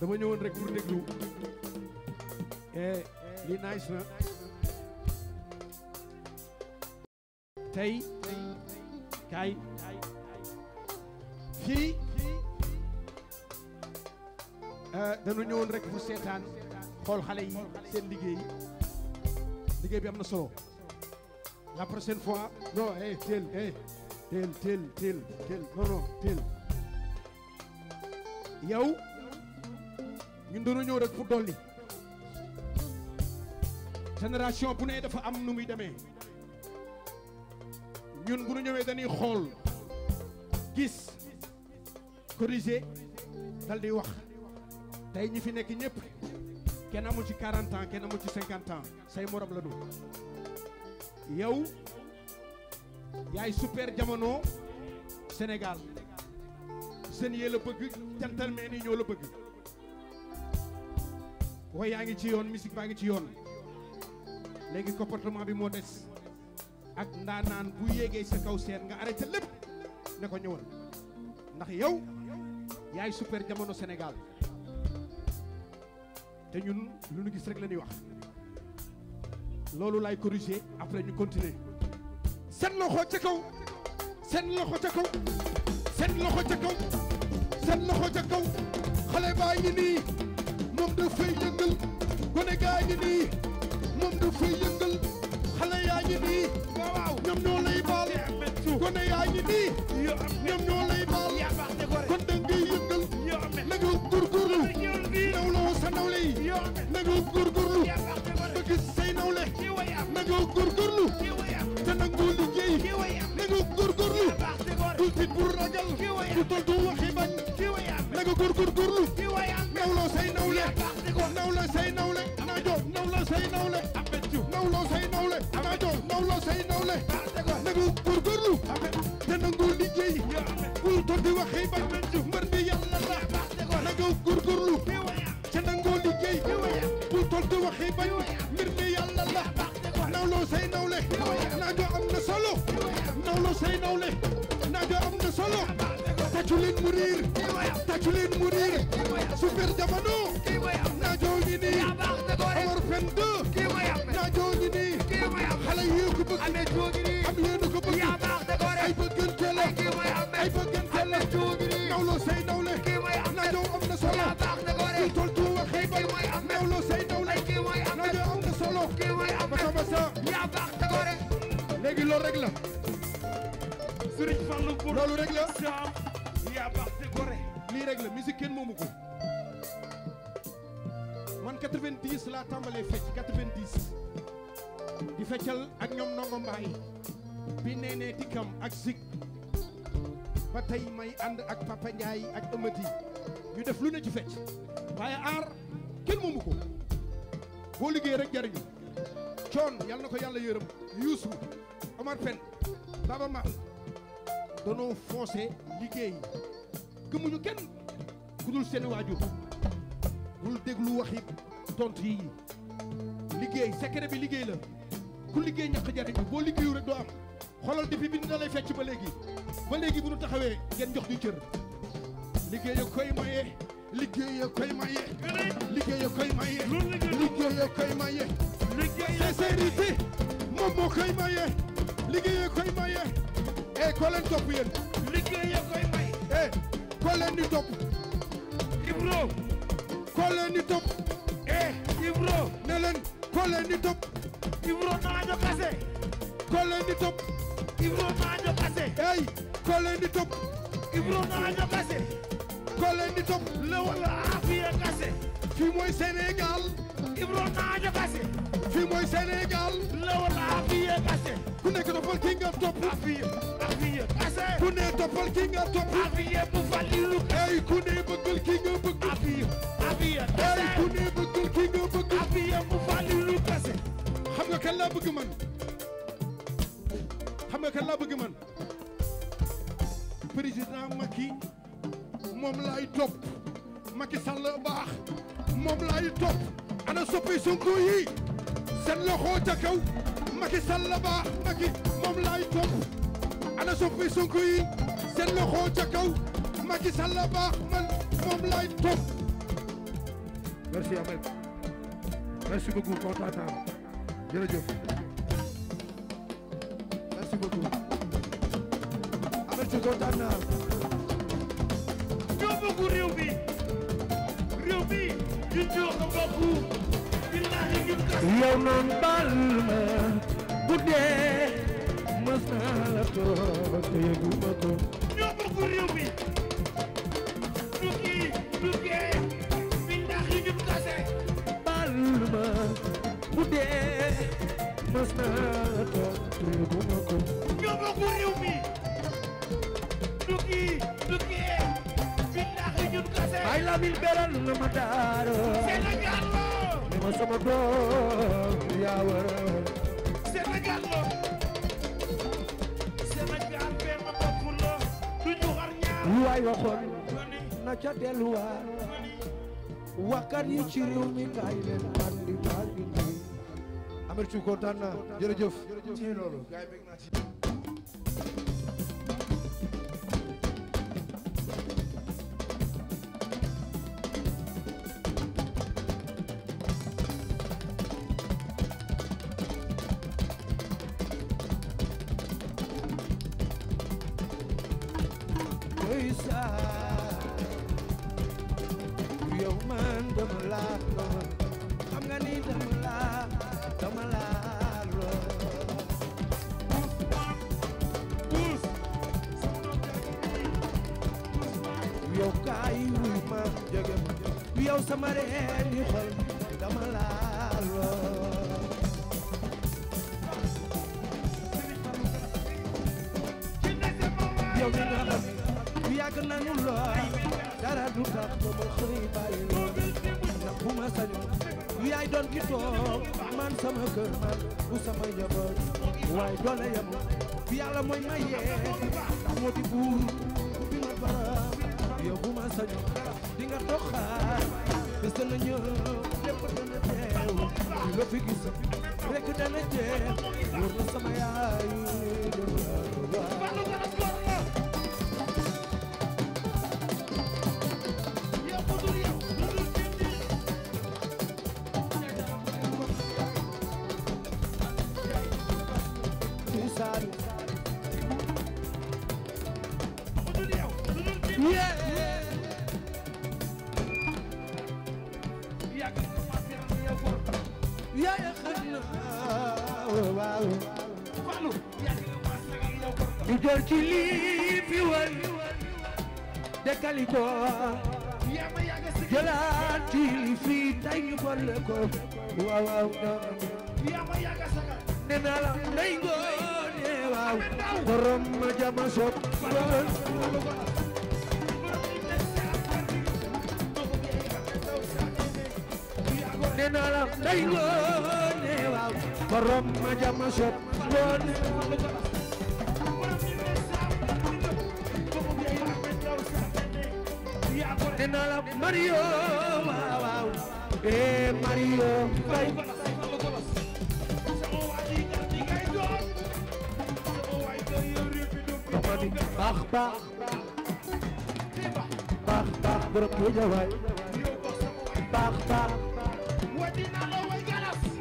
dama ñëwoon rek pour déglu. eh nice na. tey kay fii. Eh, dañu ñëwoon rek bu seetaan xool xale yi seen liggéey liggéey bi am na solo la prochaine fois non eh jël eh. teel teel teel teel non non teel yow ñun doon ñëw rek pour dolli génération bu ne dafa am nu muy demee ñun bu ñu ñëwee dañuy xool gis corriger dal di wax tey ñi fi nekk ñëpp kenn amul ci 40 ans kenn amul ci 50 ans say morom la du yow. yaay super jamono Sénégal seen yee la bëgg gentleman yi ñoo la bëgg waaye yaa ngi ci yoon musique baa ngi ci yoon léegi comportement bi moo des ak ndaanaan bu yéegee sa kaw seen nga arrêté lépp ne ko ñëwal ndax yow yaay super jamono Sénégal te ñun lu ñu gis rek la ñuy wax loolu laay corriger après ñu continuer seen loxo ca kaw seen loxo kaw seen loxo ca kaw seen loxo ca kaw xale baa ngi nii moom dafay yëngal gone gaa ngi nii moom dafay yëngal xale yaa ngi nii ñoom ñoo lay baal gone yaa ngi nii ñoom ñoo lay baal kon da ngay yëngal na nga góorgóorlu nawloo sa nawle bëgg say nawle na nga góorgóorlu boo liggéey na nga góorgóorlu bul tiit bul ragal bu tol du waxi bañ na nga góorgóorlu nawloo say nawle nawloo say nawle naajo nawloo say nawle nawloo say nawle naajo nawloo say nawle na nga góorgóorlu te nangoo liggéey bul tol di waxi bañ mbër bi yàlla la na nga góorgóorlu te nangoo liggéey bul tol di waxi bañ nawloo say nawle naajo am na solo nawloo say nawle na solo tàccu leen mu riir tàccu leen ay bëggante la ay bëggante la nawloo say nawle loolu rek la. Serigne Fallou Bour. loolu rek la Saam yaa baax te gore. lii rek la musique kenn moomu ko. man 90 laa tàmbalee fecc 90. di feccal ak ñoom ndongo mbaay bi neenee dikkam ak Zik. ba may ànd ak Papa ak Amady ñu def lu ne ci fecc waaye aar kenn moomu ko liggéey rek jariñu coon yal na ko yàlla yërëm yuusu Omar Pène Baba Maal danoo foncé liggéey gëmuñu kenn ku dul seen waajur bul déglu waxi tontu yi liggéey secret bi liggéey la ku liggéey ñàkk jariñu boo liggéeyu rek doo am xoolal depuis bi na lay fecc ba léegi ba léegi bu nu taxawee ngeen jox ñu cër liggéey ak koy maye liggéey koy maye liggéey koy maye liggéey ak moom moo koy maye liggéeyee koy maye eh koo leen topp yéen. liggéeyee koy maye. eh koo leen di topp. Ibro. koo leen di topp. eh Ibro. ne leen koo leen di topp. Ibro naajo kase. koo leen di topp. Ibro naajo kase. eh koo leen topp. Ibro naajo kase. koo leen di topp. le wala afiya kase. fii mooy Sénégal. Ibro naajo le wala afiya ku nekk toppal ki nga topp afiya afiya ase ku ne toppal ki nga topp afiya bu falilu ay ku ne bëggal ki nga bëgg afiya afiya ay ku ne bëggal ki nga bëgg afiya bu xam nga kan laa bëgg man xam nga kan moom laay topp Macky Sall baax moom laay topp ana soppi Sonko yi seen loxo kaw Macky Sall ba Macky moom laay topp ana soppi Sonko yi seen loxo ca kaw Macky Sall man moom laay topp merci Ahmed merci beaucoup kontaan naa jërëjëf merci beaucoup Ahmed si kontaan naa ñoo bëgg réew bi bu dee mës naa la toog te yëguma ko ñoo bokk réew mi du kii du kee bi ndax yi ñu bal ma bu dee mës naa la toog te yëguma ko ñoo bokk réew mi du kii du kee bi ndax yi ñu tase la mil beral la ma daaro Sénégal la ma sama doom waral la waxoon na ca delluwaat waxkat yi ci réew mi leen mandi mandi amertu kontaan naa jërëjëf ci loolu yow sama reen yu xol dama laaloo yow mi nga xam yàgg nañu lool dara du tax ba ma xëy bàyyi ndax bu ma sañoon yaay doon ki toog man sama kër mooy maye moo di buur bi ma baram yow bu ma sañoon di toog dana ñëw lépp dana teew lu fi gis jëli ko jëlaat tiili fii tey ñu boole ko waaw waaw nee naa la ndey ngoone waaw borom ma jama sob nee naa la ndey ngoone waaw borom ma jama sob Mario waaw waaw eh Mario Faye baax baax baax baax borom Géejawaay baax baax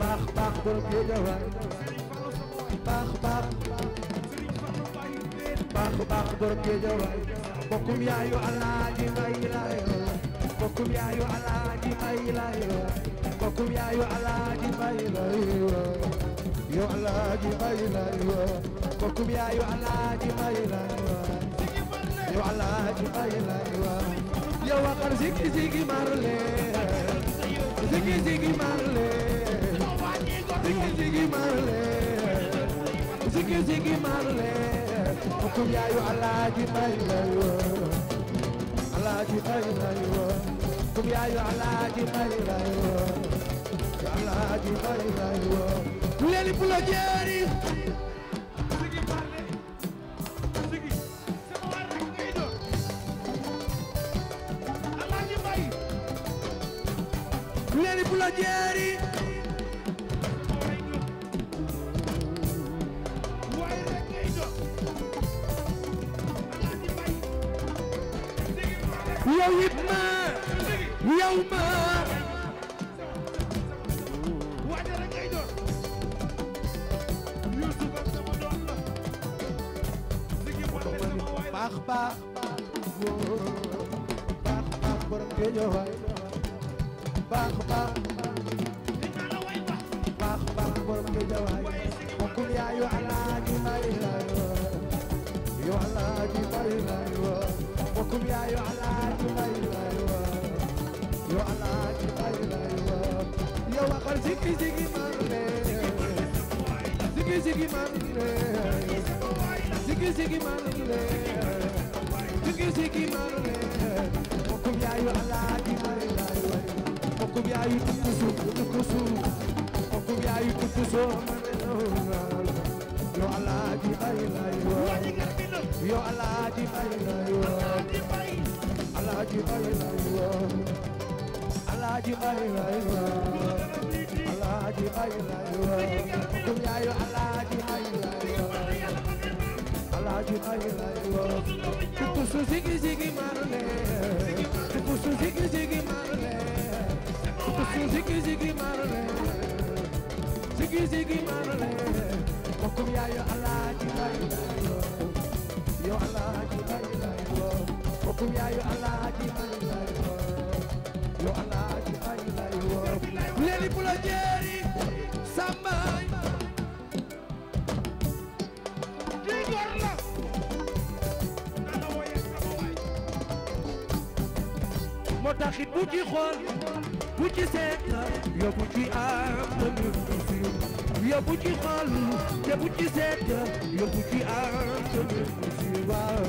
baax baax borom Géejawaay baax baax baax baax borom Géejawaay bokkum yaayu Alaaji Mbay mbokkum yaayu alaaji may lay wa mbokkum yaayu alaaji may lay wa yow alaaji may lay wa mbokkum yaayu alaaji may lay wa yow alaaji may lay wa yow waxal sigi sigi marle sigi sigi marle sigi sigi marle sigi sigi marle mbokkum yaayu alaaji may lay wa alaaji may lay wa jóg yaayu alaaji mari rayoo alaaji mari rayoo bu leen di bulo jeeri bu leen di bulo jeeri yow it ma يوم وانا رجعي دور يوسف انت مدون زكي وانا سما وايد باخ باخ باخ باخ برم جيجو وايد باخ باخ باخ باخ برم جيجو وايد وكل يا يعلى جمال الله يعلى جمال الله وكل يا يعلى جمال yow waxal sigi sigi mane sigi sigi mane sigi sigi mane sigi sigi mane mokum yaayu alaaji mane tukusu tukusu mokum yaayu tukusu mane yo alaaji bay lay wo yo lay wo alaaji bay lay wo alaaji bay lay wo alaaji mayla kum yaayu alaaji mayla alaaji mayla ku su sigi sigi marle ku su sigi sigi marle ku su sigi sigi marle sigi sigi marle kum yaayu alaaji mayla yo alaaji mayla kum yaayu alaaji mayla taxit bu ci xool bu ci seet yow bu ci am yow bu ci xool te bu ci seet yow bu ci am waaw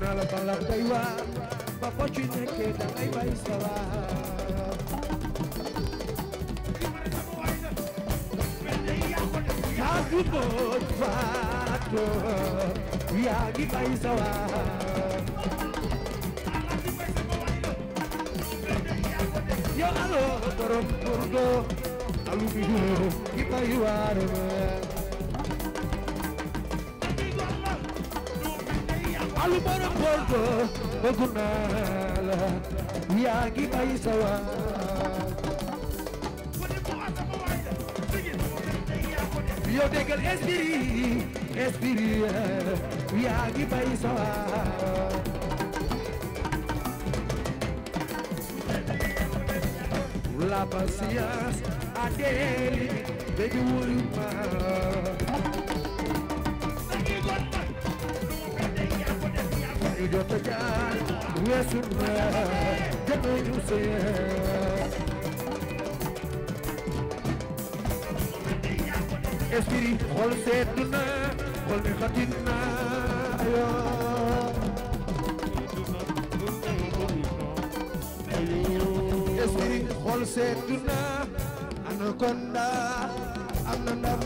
naa la balaa day waar ba foo ci nekkee da ngay bay sa waar yaa du boot faatoo yaa ngi fay sa waar yow alo borom burdo alu bi duro ki fay waaram alu borom burdo bëgg naa la yaa ngi fay sa waar yow déggal esprit esprit yaa ngi bay sa waar la patience a déli baby wuri ma i jota jaar weesul ma jëmëñu sëyër esprit xol seet na xol mi xatin xol seetu na anaconda am na am na ndam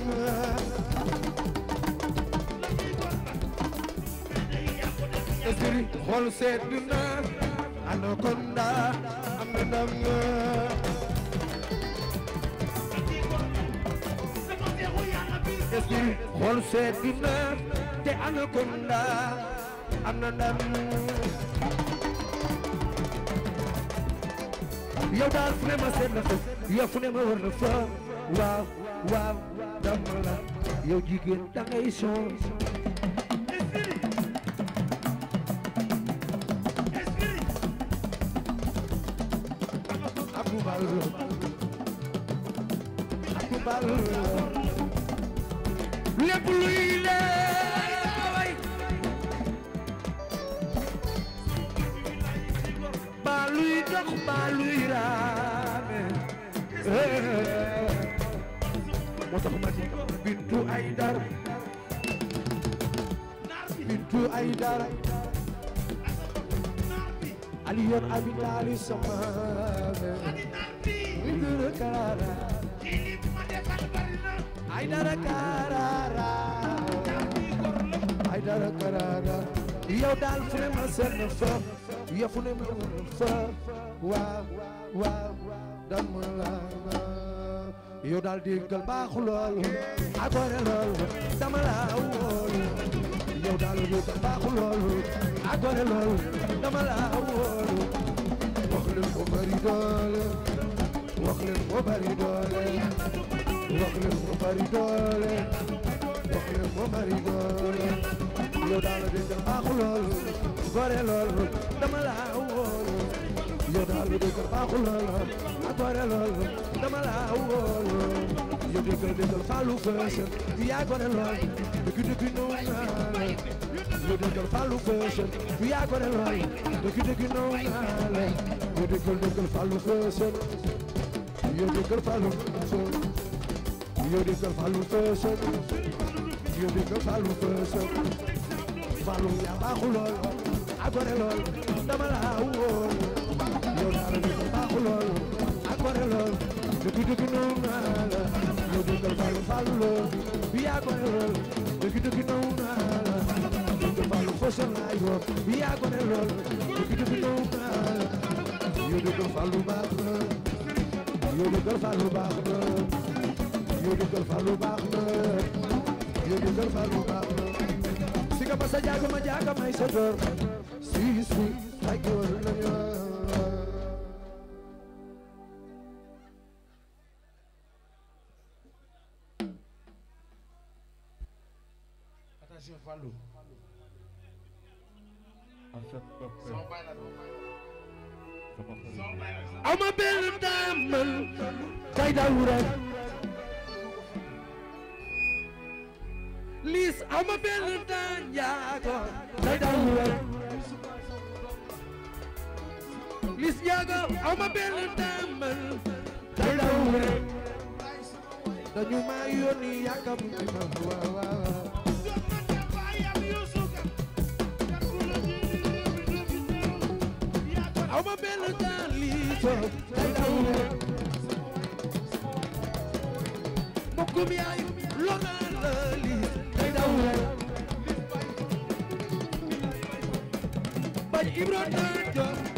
esprit xol seetu na te anaconda am na ndam yow daal fu ne ma seet na ko yow fu ne ma war na fa waaw waaw dama la yow jigéen da ngay sonn man abitali samame bi ma daal fu ne ma seen fa yow fu ne ma fa waaw waaw daal diggal baaxu lool akore lool dama daal diggal baaxu lool akore dama laa wóolu wax leen ko bari doole wax leen ko bari doole wax leen ko bari doole wax leen ko bari doole yow daal de jël baaxu loolu gore loolu dama laa wóolu yow daal de jël baaxu loolu gore loolu dama laa wóolu yow de jël faalu fës yaa gore loolu dëgg dëgg ñëw naa la dëggal Fallou Fashion du yaa ko del roy dëgg dëgg noonu naa la yow dëggal dëggal Fallou Fashion yow dëggal Fallou Fashion yow dëggal Fallou Fashion yow dëggal Fallou Fashion Fallou yaa baaxu lool ak gore lool dama la wóor yow daal dëggal baaxu lool ak gore lool dëgg dëgg noonu naa la yow dëggal Fallou Fallou lool du yaa ko del roy dëgg dëgg noonu naa la fashion la yo we are gonna roll you do do you do falu baax you do falu baax you do falu baax you do falu baax si ka basa jaago ma jaago may sa door si si like you love Attention, Fallou. ama benn daamal tay dawura liis ama benn daan njaago tay dawura liis njaago ama benn daamal tay dawura dañu ma yónni yàkkam ma waaw waaw ma benn gaal lii toog ay dawle mbokkum yaay lonaan la lii ay dawle bañ Ibro taa jox